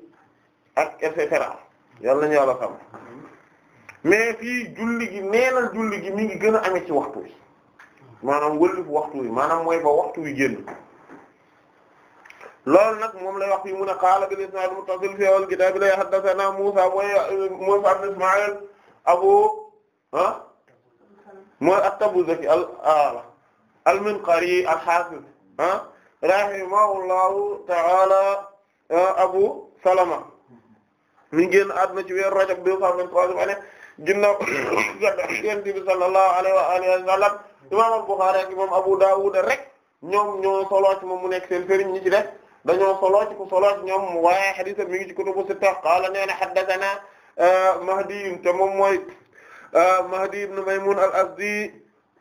ak et cetera yàlla nañu yàlla sàmm mais fii julli gi neenal julli gi mi ngi gën a ame ci waxtu bi maanaam wëlif waxtu bi maanaam mooy ba waxtu wi génn lool nag moom lay wax fii mu ne qaala bil isnaad muttasil fi awwal kitaab la haddathana Muusaa mooy euh, Muusaa ibn Ismaa'il abu ah, mooy at-Tabuzaki ah, al-Minqari al-Haafiz ah rahimahullahu ta'ala ah, Abu Salama mi ngi génn àdduna ci weeru Rajab deux cent vingt-troisième année ginnaaw *coughs* Yonent bi sallallahu alayhi wa alihi ak imaam Abu Dawud rek ñoom ñoo solo ci moom mu nekk seen fëriñ ñi ci dañoo solo ci ku solo ci ñoom waaye hadith mi ngi ci kutubu sitta qaala nee na haddathana euh, Mahdi te moom mooy euh, Mahdi ibn Maymun al-Azdi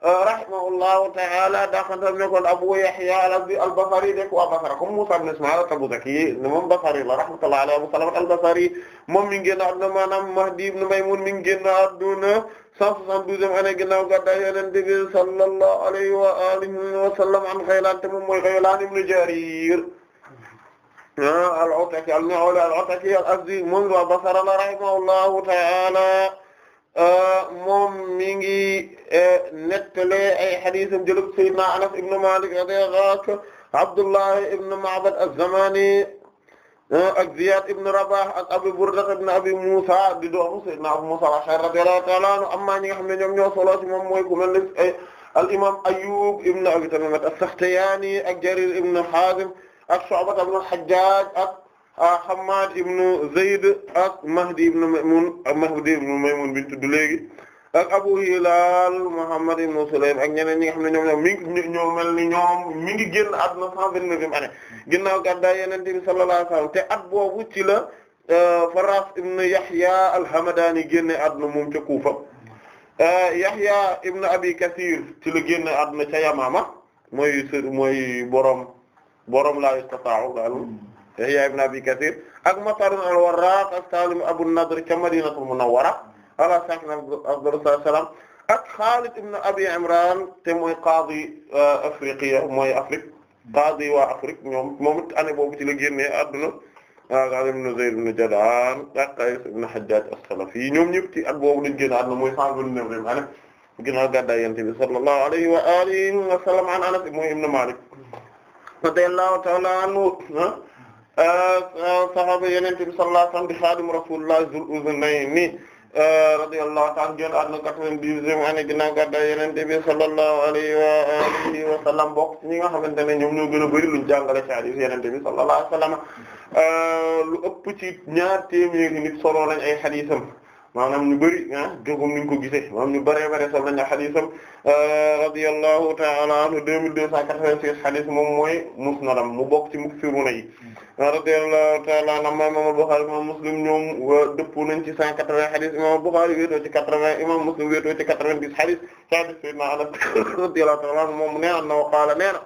euh, rahimahullahu ta'ala daaxantam nekkoon Abu Yahya al-Azdi al-Basri dëkk waa Basra comme Musa ibn Ismaïl at-Tabuzaki moom Basri la rahmatullahi alayhi Abu Salama al-Basri moom mi ngi génn àdduna maanaam Mahdi ibn Maymun mi ngi génn àdduna 172e année ginnaaw gàddaay Yonent bi sallallahu alayhi wa alihi wa sallam an Ghaylan te moom mooy Ghaylan ibn Jarir al-Ataki al-Mu'awli al-Ataki al-Azdi moom waa Basra la rahimahullahu ta'ala moom mi ngi e, nettali ay hadiisam jëlëb Sayyidina Anas ibn Malik radiyallahu anhu Abdullah ibn Ma'bad az-Zamani ak Ziyad ibn Rabah ak Abu Burda ibn Abi Musa di doomu Sayyidina Abu Musa al-Ash'ari radiyallahu ta'ala anhu amma ñi nga xam ne ñoom ñoo solo ci moom mooy ku mel ne al-imam Ayyub ibn Abi Tamimat as-Sakhtiyani ak Jarir ibn Hazim ak Shu'ba ibn al-Hajjaj ak ah, Hammad ibn Zayd ak Mahdi ibn Maymun ak Mahdi ibn Maymun bi ñu tudd léegi ak Abu Hilal Muhammad ibn Sulaym ak ñeneen ñi nga xam ne ñoom ñoom mi mel ni ñoom mi ngi génn àdduna cent vingt-neuvième année ginnaaw gàddaay Yonent bi sallallahu te at boobu ci la euh, Faras ibn Yahya al-Hamadani génne àdduna moom ca Kufa euh, Yahya ibn Abi Kathir ci la génne àdduna ca mooy mooy borom borom laa istata'u gaalul hmm. Yahya ibn Abi Kathir ak Matar al-Warraq ak Salim Abu an-Nadr ca ala sakna afdal salam ak Khalid ibn Abi Imran te mooy qaadi euh, Afriqiya mooy Afrique hmm. qaadi waa Afrique ñoom moom it année boobu ci la génnee adduna Ghalib ibn Zayd ibn Jad'an ak Qays ibn Hajjaj as-Salafi at boobu lañ génn adduna mooy cent Malik radiyallahu ta'ala anhu ah, ah, sahaaba yenente bi sallallahu alayhi wa sallam di xaadimu rasulullah zul uznayni ah, radiyallahu ta'ala anhu génn àdduna quatre-vingt-dixième année ginnaaw gàddaay yenente bi sallallahu alayhi wa alihi wa sallam bokk ñi nga xamante ne ñoom ñoo gën a bari luñ jàngale ci hadiis yenente bi sallallahu alayhi wa sallam lu ëpp ci ñaar téeméeri nit solo lañ ay hadiisam maanaam ñu bëri ah comme niñ ko gisee maanaam ñu bëree bëri sol nañu xadisam euh, ta'ala anhu deux mille deux cent quatre-vingt-six xadis moom mooy musnadam mu bokk ci muksiruna yi radiyallahu ta'ala anhu imam Bukhari imam Muslim ñoom dëppoo nañ ci cent quatre-vingts xadis imam Bukhari wéetoo ci quatre-vingts imam Muslim wéetoo ci quatre-vingt-dix xadis sabi sayyidina Anas radiyallahu ta'ala moom nee na wa qaala nee na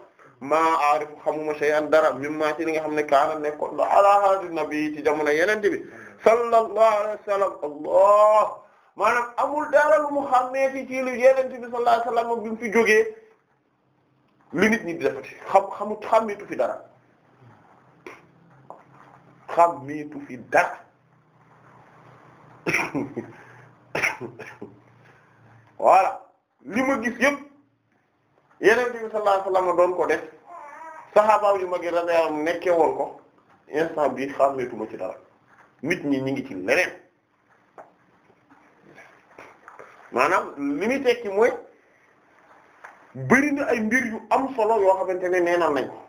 maa aarifu xamuma shay'an dara mimma ci li nga xam ne kaana nekkoon ala haadi nabi ci jamono yenente bi sallallahu alayhi maanaam amul dara lu mu xàmmee fi ci lu yenente bi sallallahu bi mu fi jógee li nit ñi di defati xam xamu xàmmeetu fi dara xàmmeetu fi dara wala li ma gis yëpp yenente bi sallallahu alayhi wa doon ko def saxaaba yu magi radiyallahu nekkee woon ko instant bi xàmmeetuma ci dara nit ñi ñu ngi ci leneen maanaam li muy tekki mooy bëri na ay mbir yu am solo yoo xamante ne neenal nañ ko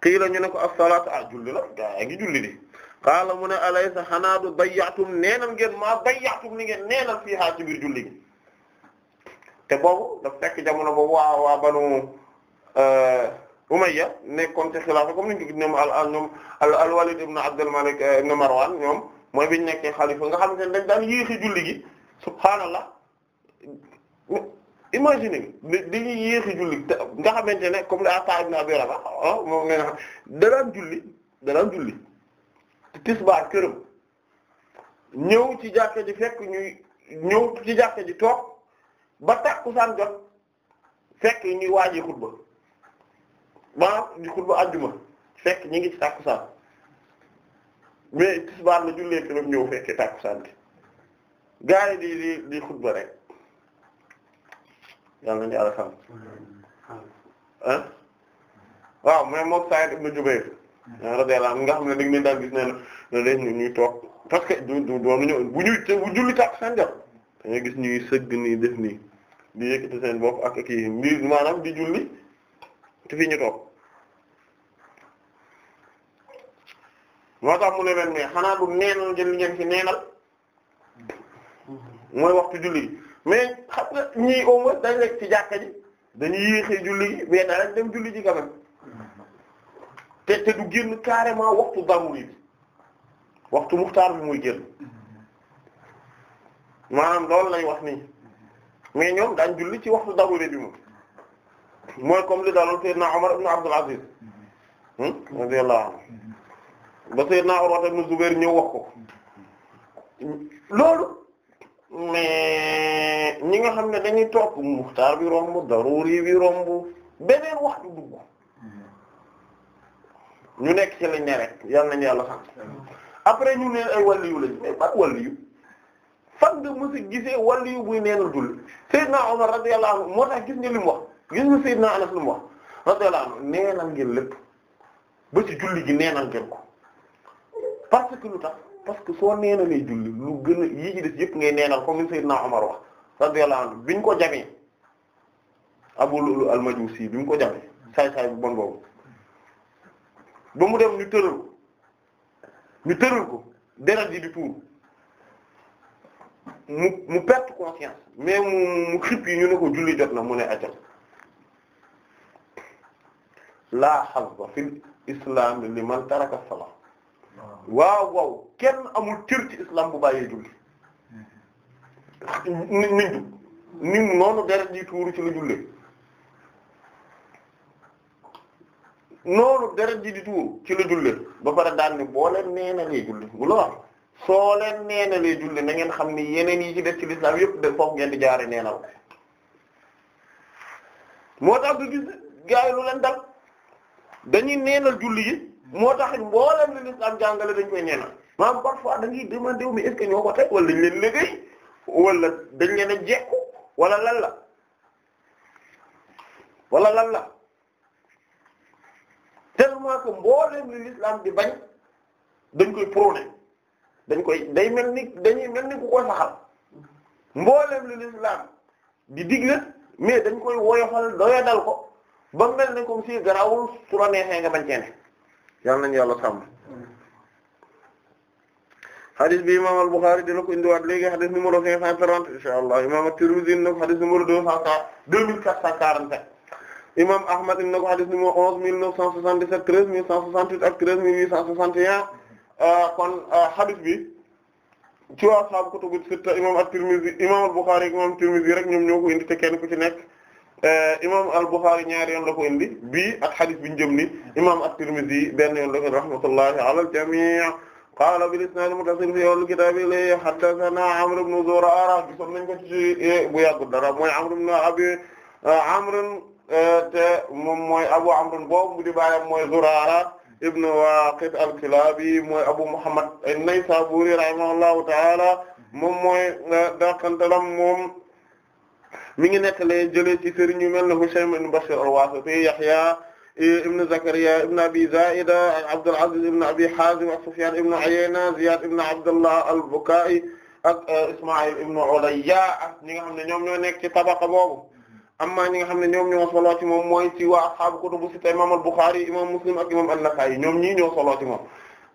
kii la ñu ne ko as-salaatu ah julli la gaa a ngi julli de qaala mu ne alaysa xanaa du dayyaatum neenal ngeen maa dayyaatum li ngeen neenal fii haa ci biir julli gi te boobu daf fekk jamono boobu waa waa banu euh, Umayya nekkoon ci xilaafa comme ni ñu ñoom al ñoom al Walid ibn Abdul Malik eh, ibn Marwan ñoom mooy biñ nekkee xalifa nga xamante ne dañ daan yéexi julli gi subhaanallah imagine bi dañuy yéexi julli nga xamante ne comme le Ata ibn Abi Rabah ah, moom nee na daraan julli daraan julli tisbaar këram ñëw ci jàkka ji fekk ñuy ñëw ci jàkka ji toog ba takkusaan jot fekk ñuy waajee xutba maanaam di xutba àjjuma fekk ñi ngi ci tàkkusaan mais tisbaar la jullee ki lam ñëw fekkee tàkkusaan gi gaa yi di di di xutba rek yàlla ñu àlla xam ah waaw mais moom Saïd ibn Jubayr nga xam ne dañ leen daal gis ne ne leen ñu ñuy toog parce que du du doon ñëw bu ñuy bu julli tàkkusaan jot dañuy gis ñuy sëgg nii def nii di yëkkati seen bopp ak kii mbir maanaam di julli te fii ñu toog moo tax mu ne leen mais xanaa du neenal ngeen li ngeen fi neenal mooy waxtu julli mais xam nga ñii au moins dañ nekk ci jàkka ji dañuy yéexee julli gi mais dara dem julli ji quand te te du génn carrément waxtu daruri bi waxtu muxtaar bi muy génn maanaam loolu lay wax nii mais ñoom daañ julli ci waxtu daruri bi moom mooy comme li daloon Seydina Omar ibn Abdul Aziz hmm? radiyallahu anhu ba Seydina Urwa ibn Zubair ñëw wax ko loolu mais ñi nga xam ne dañuy topp muxtaar bi romb daruri bi romb beneen wax dugg ñu nekk ci lañ ne rek yal nañu yàlla xam après ñu neen ay wàlliyu lañu mais ban wàlliyu fan nga mësi gisee wàlliyu buy neenal julli Seydina Omar radiyallahu anhu moo tax gis nga li wax gis nga Seydina Anas lu mu wax radiyallahu anhu neenal ngeen lépp ba ci julli gi neenal ngeen ko parce que lu tax parce que soo neenalee julli lu gën a yi ci des yëpp ngay neenal comme li Seydina Omar wax radiyallahu anhu biñ ko jamee Abu Lu'lu al-Majusi bi mu ko jamee saay saay bu bon boobu ba mu dem ñu tëral ñu tëral ko deret ji di tuur mu mu perte conscience mais mu mu yi ñu ne ko julli jot na mu ne ajal laa hazza fil islaam liman taraka salaa waaw waaw kenn amul cër ci islam bu bàyyee julli ni ni ni noonu deret ji tuuru ci la jullee noonu deret ji di tuuru ci la jullee ba pare daan ni boo leen neena lay julli bu la wax soo leen neena lay julli na ngeen xam ni yeneen yi ci def ci lislaam yépp de foofu ngeen di jaare neena la moo tax du gis gaa yi lu leen dal dañuy neenal julli gi moo tax mboolem li lislaam jàngale dañ koy neenal maanaam parfois da ngay demander mi est ñoo ko teg wala dañ leen liggéey wala dañ leen a jekku wala lan la wala lan la tellement que mboolem li lislaam di bañ dañ koy prôné dañ koy day mel ni dañuy mel ni ku koy saxal mboolem li lislaam di digle mais dañ koy woyofal doyadal ko ba mel ne comme si garawul su la bañ cee yal nañu yàlla sàmm. xadis bi imaam al-Bukhari dina ko indiwaat léegi xadis numéro 530 insha allah imaam at-Tirmidhi dina ko xadis numéro 204 2447 imaam Ahmad dina ko xadis numéro 11977 13168 ak 13861 euh, kon xadis euh, bi ci waa ashaabu kutubu sitta imaam at-Tirmidhi imaam al-Bukhari ak imaam at-Tirmidhi rek ñoom ñoo ko indi te kenn ku ci nekk. Eh, imam al-Bukhari ñaari yoon la ko indi bii ak hadith bi ñu jëm ni imam at-Tirmidhi benn yoon la ko indi rahmatullahi ala al-jami' qaala bil-isnaad al-muttasil fii awwal kitaab ilayhi haddathana Amr ibn Zurara ah, gisoon nañ ko ci eh, bu yàggul dara mooy Amr ibn Abi eh, Amr te moom mooy Abu Amr boobu di baayam mooy Zurara ah, ibn Waqid al-Kilabi mooy Abu Muhammad an-Naysaburi rahimahullahu ta'ala moom mooy dakantalam moom mi ngi nettalee jëlee ci sëriñ yu mel ne Hushaym ibn Bashir al-Wasiti Yahya ibn Zakariya ibn Abi Zaida Abdul Aziz ibn Abi Hazim ak Sufyan ibn Uyayna Ziyad ibn Abdullah al-Bukai ak euh, Isma'il ibn Ulayya ak ñi nga xam ne ñoom ñoo nekk ci tabaqa boobu amma ñi nga xam ne ñoom ñoo solo ci moom mooy ci waa ashaabu kutubu sitta imam al-Bukhari imam Muslim ak imam an-Nasa'i ñoom ñii ñoo solo ci moom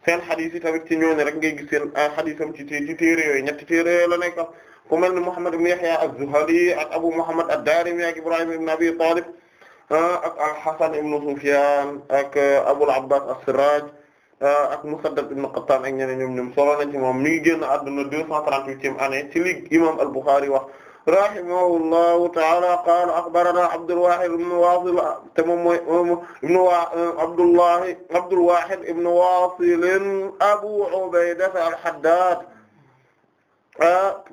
seen xadis yi tamit ci ñooñu rek ngay gis seen ah, xadisam ci ci téere yooyu ñetti téere yooyu la nekk ku mel ne Muhammad ibn Yahya az-Zuhali ak Abu Muhammad ad-Darimi ak Ibrahim ibn Abi Talib ah, ak al-Hasan ibn Sufyan ak ah, Abul Abbas as-Siraj ak Musaddad ibn Qattan ak ñeneen ñoom ñoom solo nañ ci moom mi ngi génn àdduna 238e année ci li imam al-Bukhari wax. rahimahullahu ta'ala qaala akhbarana Abdul Wahid ibn Wasil te moom mooy ibn Abdullah Abdul Wahid ibn Wasil Abu Ubayda al-Haddad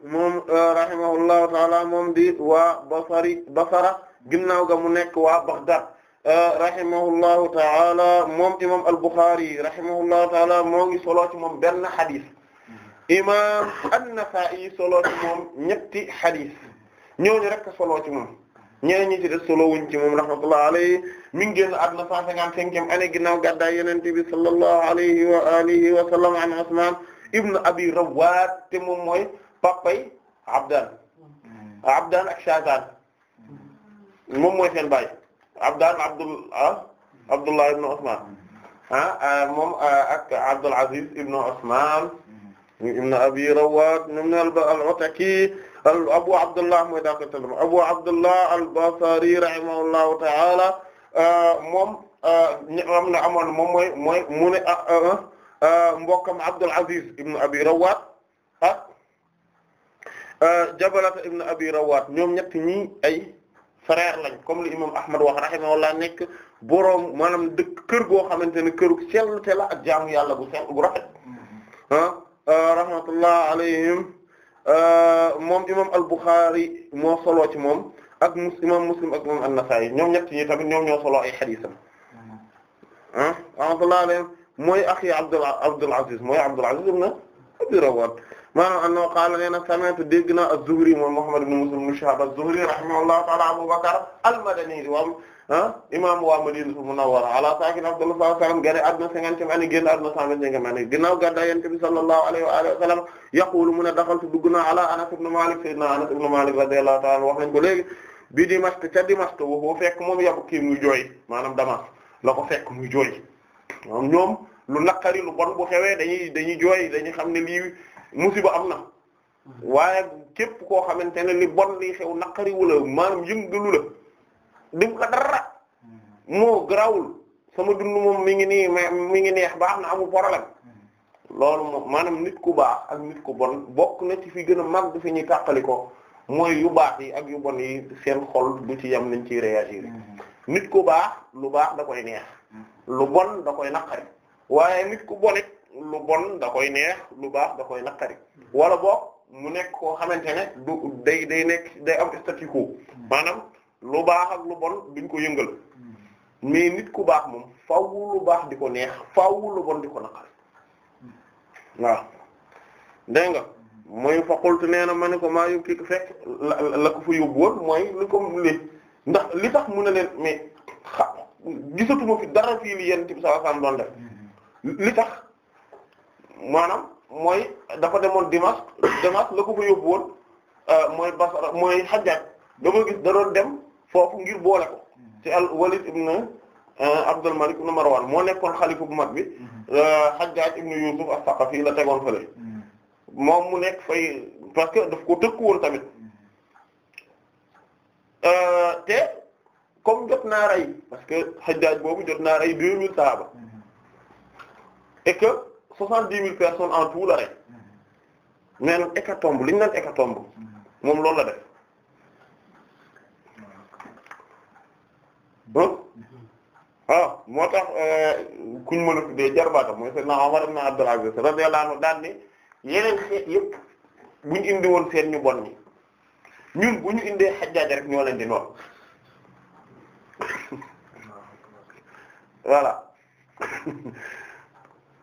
moom rahimahullahu ta'ala moom di waa Basri Basra ginnaaw ga mu nekk waa Baghdad rahimahullahu ta'ala moom imam al-Bukhari rahimahullahu ta'ala moo ngi solo ci moom benn hadith imam an-Nasa'i solo ci moom ñetti xadis ñooñu rek solo ci moom ñeneen ñi ci def solo wuñ ci moom rahmatullah alayhi mi ngi génn àdduna cent cinquante-cinquième année ginnaaw gàddaay Yonent bi sallallahu alayhi wa alihi wa sallam an Usman ibn Abi Rawat te moom mooy papay Abdan Abdan ak Shazan moom mooy seen baay Abdan Abdul ah, Abdullah ibn Usman ah, ah moom ah, ak Abdul Aziz ibn Usman ibn abi rawat ñoom ne al-Ataki abu abdullah mooy daakatalm abu abdullah al-Basri rahimahullahu ta'ala euh, moom euh, am na amoon moom mooy mooy mu ne ah, euh, mbokkam Abdul Aziz ibn abi rawat ak jabalata ibn abi rawat ñoom ñett ñi ay frère lañ comme li imam ahmad wax rahimahullah nekk boroom maanaam dëkk kër goo xamante ne këru sellte la ak jaamu yàlla bu sell bu rafet ah rahmatullah alayhim euh, moom imam al-Bukhari moo solo ci moom ak mus imam Muslim ak imam an-Nasa'i ñoom ñett ñi tamit ñoom ñoo solo ay xadiisam ah rahmatullah alayhim mooy axi Abdul Abdul Aziz mooy Abdul Aziz ibn Abi Rawat maanaam annahu qaala nee na sami'tu dégg naa az-Zuhri moom Muhammad ibn Muslim ibn Shihab az-Zuhri rahimahullahu ta'ala Abu Bakr al-Madani ah imam waa Madinatul Munawwara ala saakina afdalu salaam gane adduna cinquantième année génn adduna cent vingt-cinquième année ginnaaw gàddaay Yonent bi sallallahu alayhi wa alihi wa sallam yaqulu mu ne daxaltu dugg naa ala Anas ibn Malik sayyidina Anas ibn Malik radiyallahu ta'ala wax nañ ko léegi bi Dimashq ca Dimashq waxoo fekk moom yàpp kii mu jooy maanaam Damas la ko fekk muy jooy moom ñoom lu naqari lu bon bu xewee dañuy dañuy jooy dañuy xam ne lii musiba am na mm-hmm. waaye képp koo xamante ne li bon lii xew naqari wala maanaam yëngalu la dim ko dara moo grawul sama dund moom mi ngi nii mi ngi neex baax na amul problème loolu moom maanaam nit ku baax ak nit ku bon bokk na ci fi gën a mag du fi ñuy tàqali ko mooy yu baax yi ak yu bon yi seen xol du ci yam nañ ciy réagir nit ku baax lu baax da koy neex lu bon da koy naqari waaye nit ku bonit lu bon da koy neex lu baax da koy naqari wala boog mu nekk koo xamante ne du day day nekk day am statu maanaam lu baax ak lu bon duñ ko yëngal mais nit ku baax moom faaw lu baax di ko neex faaw lu bon di ko naqari waaw dégg nga mooy fa qultu nee na ma ne ko maa yóbbu fekk la ko fa yóbbuwoon mooy li ko li ndax li tax mu ne leen mais xa gisatuma fi dara li tax maanaam mooy dafa demoon Dimaas Dimaas la ko fa yóbbuwoon euh, mooy Basra mooy Hajjaj dama gis da dem. foofu ngir boole ko ci al Walid ibn eh, Abdul Malik ibn Marwan moo nekkoon xalifa bu mag bi mm-hmm. eh, Hajjaj ibn Yusuf as-Saqafi la tegoon fële mm-hmm. moom mu nekk fay parce que daf ko tëkku woon tamit mm-hmm. eh, te comme jot naa rey parce que Hajjaj boobu jot naa rey deux mille sahaba et que soixante dix mille personnes en tout la rek mais nag hécatombe li ñu naan hécatombe moom loolu la def ah moo tax euh, kuñ mën a tuddee jarbaatam mooy Seydina Umar ibn Abdul Aziz radiyallahu anhu daal ni yeneen xeet yëpp bu ñu indi woon seen ñu bon ñi ñun bu ñu indee Hajjaaj rek ñoo leen di noon voilà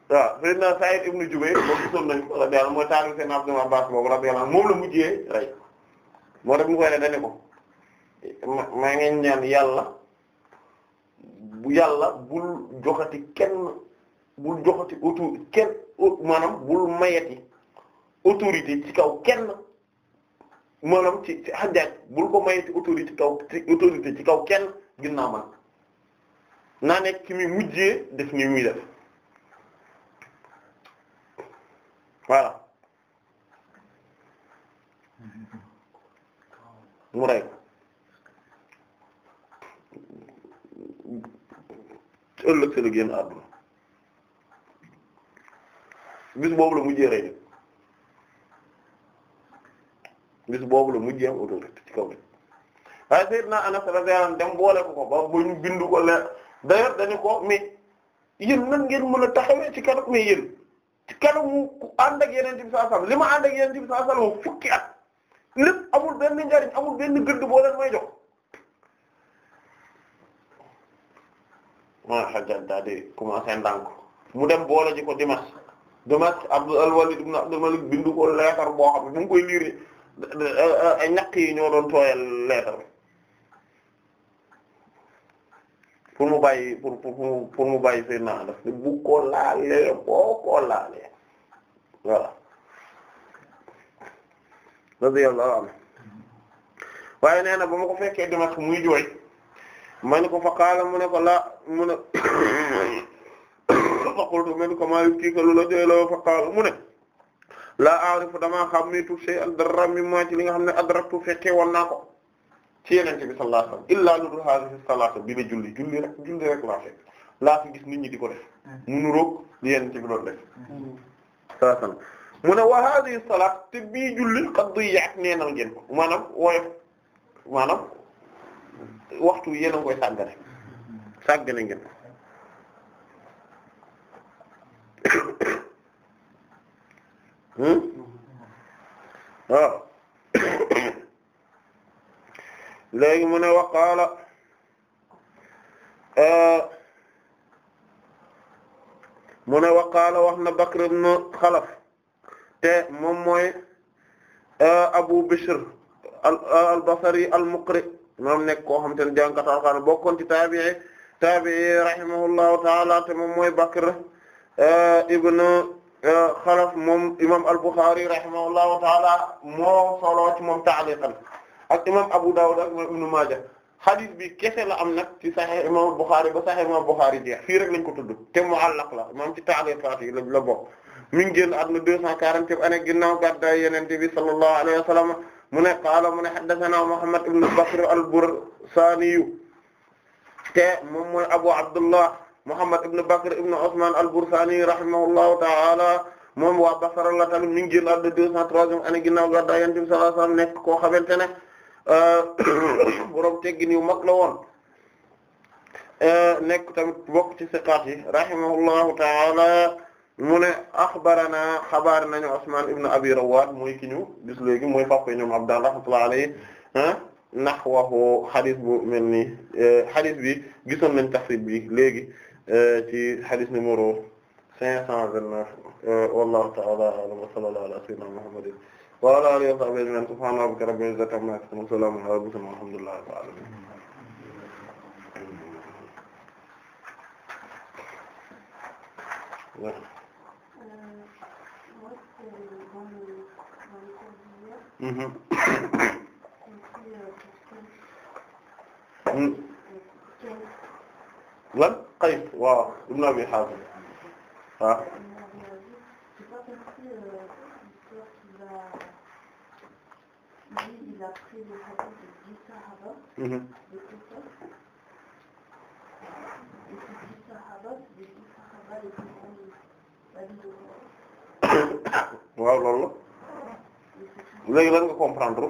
waaw Seydina Saïd ibn Jubayr boo gisoon nañ ko radiyallahu mooy taal Seydina Abdul Abbas boobu radiyallahu moom la mujjee rey moo tax mu koy ne dane ko maa ngeen ñaan yàlla bu yàlla bul joxati kenn bul joxati auto kenn maanaam bul mayati autorité ci kaw kenn maanaam ci ci xàjjaaj bul ko mayati autorité ci kaw ci kaw kenn ginnaaw man naa nekk ki muy mujjee def ni muy def voilà mu rey ci ëllëg seen génn àdduna bis boobu la mujjee rey bis boobu la mujjee am autorité ci kaw nit waaye Seydina Anas radiyallahu anhu dem boole ko ko ba bu ñu bindu ko leer d'ailleurs dañu ko mais yéen nan ngeen mën a taxawee ci kanam mais yéen ci kanamu ku ànd ak yeneen bi sallallahu alayhi wasallam li ma ànd ak fukki at lépp amul benn njariñ amul benn gëdd boo leen may jox. maanaam Hajjaj daal di commencé ndànk mu dem boole ji ko Dimash Dimash Abdul Walid ibn Abdul Malik bindu ko leetar boo xam ne koy liir ay ñaq ñoo doon tooyal leetar bi mu bàyyi pour pour pour mu bàyyi seen naa daf bu ko laalee boo ko laalee voilà radiyallahu na ba ma ko fekkee Dimash muy jooy ma ni ko fa qaala mu ne ko la mu ne *coughs* faqultu man ko maa yubkiika lu la jooyloo fa qaala mu ne laa a'rifu damaa xammitu shay'an dara mimmaa ci li nga xam ne adraktu fekke woon naa ko ci yenente bi sallallahu alayhi illaa lu dul haadihi bi la julli julli rek laa fekk laa fi gis nit ñi di ko def mu nuroog li yenente bi doon def sallallahu alayhi wa haadihi te bii julli qad diyyaat neenal ngeen ko maanaam wooyof maanaam waxtu yéen a ngi koy sàggane ngeen waaw hmm? ah. léegi mu ne waqaala ah. mu ne waqaala wax na Bakr ibn Xalaf te moom mooy ah, Abu Bishr al al Basri al Muqri moom nekk koo xam te ne jàngkat alxaana bokkoon ci taabi'i rahimahullahu ta'ala te moom mooy Bakr e, ibn Khalaf e, moom imam al-Bukhari rahimahullahu ta'ala moo solo ci moom ta'liqan ak imam Abu Dawud ak imam Ibn Majah hadith bi kese la am nag ci Sahih imam al-Bukhari ba Sahih imam al-Bukhari jeex fii rek lañ ko tudd te mu'allaq la moom ci ta'liqat yi la la bokk mi ngi génn àdduna deux cent quarante yëpp année ginnaaw gàddaay Yonent bi sallallahu alayhi wa mu ne qaala mu ne haddathana Muhammad ibn Bakr al-Bursaniyu te moom mooy Abu Abdullah Muhammad ibn Bakr ibn Usman al-Bursani rahimahullahu ta'ala moom waa Basra la tamit mi ngi génn àdduna deux cent troisième année ginnaaw gàddaay Yonent bi sallallahu alayhi wasallam nekk koo xamante ne euh, *coughs* borom teggin yu mag la woon euh, nekk tamit bokk ci siqaat yi rahimahullahu ta'ala mu ne axbarana xabaar nañu Usman ibn Abi Rawwad mooy ki ñu gis léegi mooy papa ñoom Abdallah rahmatullahi alayhi nahwahu xadis bu mel ni xadis eh, bi gisoon nañ taxrib bi léegi eh, ci xadis numéro cinq cent vingt-neuf eh, wallahu ta'ala a'lam wa sallallahu ala sayyidina muhammadin wa ala alihi wa sahbihi ajma'in subhana rabbika rabbil izzati amma yasifun wa salamun ala al-mursalin walhamdulillahi rabbil alamin euh, euh, Mm-hmm. *coughs* lan Qays waaw ibn Abi Hazim waaw mhm. *coughs* waaw loolu la léegi lan nga comprendre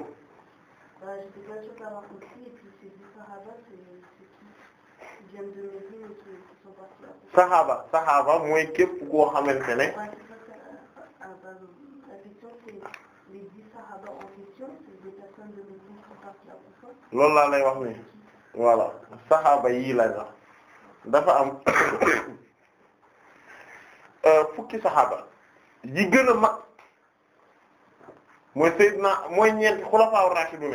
saxaaba saxaaba mooy képp koo xamante ne. loolu laa lay wax ni voilà saxaaba yii lay wax dafa am *coughs* euh, fukki saxaaba yi gën a mag mooy Seydina mooy ñeenti xulafaa raashidun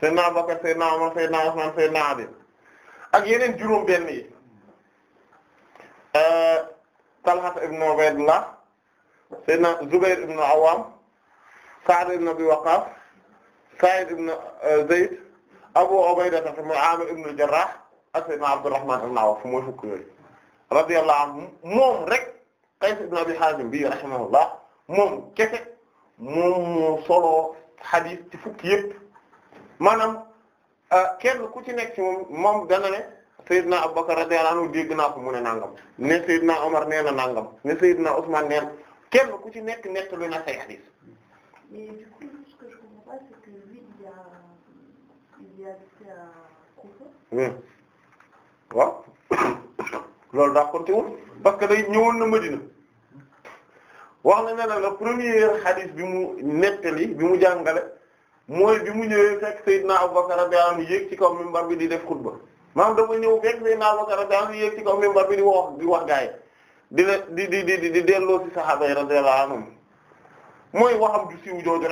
Seydina Abubakar Seydina Umar Seydina Usmaan Seydina Ali ak yeneen juróom benn yi Euh, Talha ibn Ubaydullah Seydina Zubayr ibn Awwam Sa'd ibn Abi Waqqas Sa'id ibn euh, Zayd Abu Ubayda ibn Amir ibn al-Jarrah ak Seydina Abdurrahman ibn Awf mooy fukk yooyu radiyallahu anhum moom rek Qays ibn Abi Hazim bi rahimahullah moom kese moom moo soloo xadiis ci fukki yëpp maanaam euh, kenn ku ci nekk ci moom moom dana ne Seydina Abubakar radiyallahu anhu dégg naa ko mu ne nangam ne Seydina Omar nee na nangam ne Seydina ku ci nekk nekk lu na say hadith. mais a il hmm. waaw *coughs* loolu daa kontiwul parce que day ñëwoon na Madina wax ne la le premier hadith bi mu nettali bi mu jàngale mooy bi mu ñëwee fekk naa Abubakar radiyallahu anhu yéeg ci kaw minbar bi di def xutba. maanaam dafa ñëw fekk fii naa Abubakar radiyallahu anhu yéeg ci kaw bi di wax di wax gaay di la di di di di delloo ci saxaaba yi radiyallahu anhum mooy waxam ju siiw jooju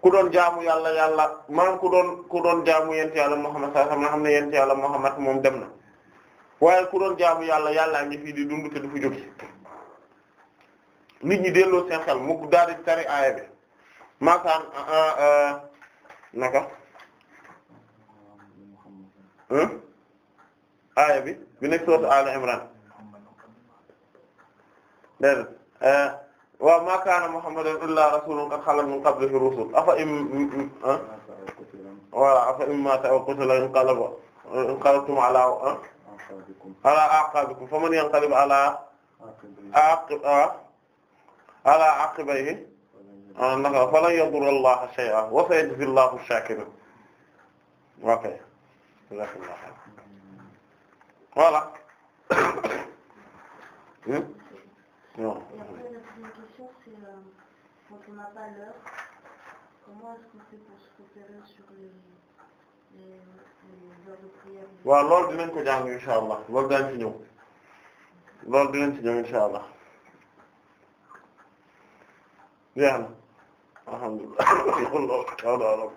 ku doon jaamu yàlla yàlla maanaam ku doon ku doon jaamu yent yàlla Muhammad sallallahu alayhi wasallam nga xam ne yent yàlla moom dem na waaye ku doon jaamu yàlla yàllaa ngi fii di dund te du ñi delloo seen xel mu daal tari aaya bi maakaan ah, ah, ah, naka aaya bi bi nekk sourate Al Imran dégg eh, waaw ma kaana muhammadun illa rasulun qad khalat min qablihi rusul afa im wala afa im mata aw qutila inqalaba inqalabtum ala ala aqabikum faman yanqalib ala ah, ala aqibayhi ah, naka falan yadurra allaha shay'an wa sayajzi allahu shakirin jazakumullah xayr voilà non Quand on n'a pas l'heure, comment est-ce qu'on fait pour se repérer sur les les les heures de prière? waaw loolu dinañ ko jàng insha allah loolu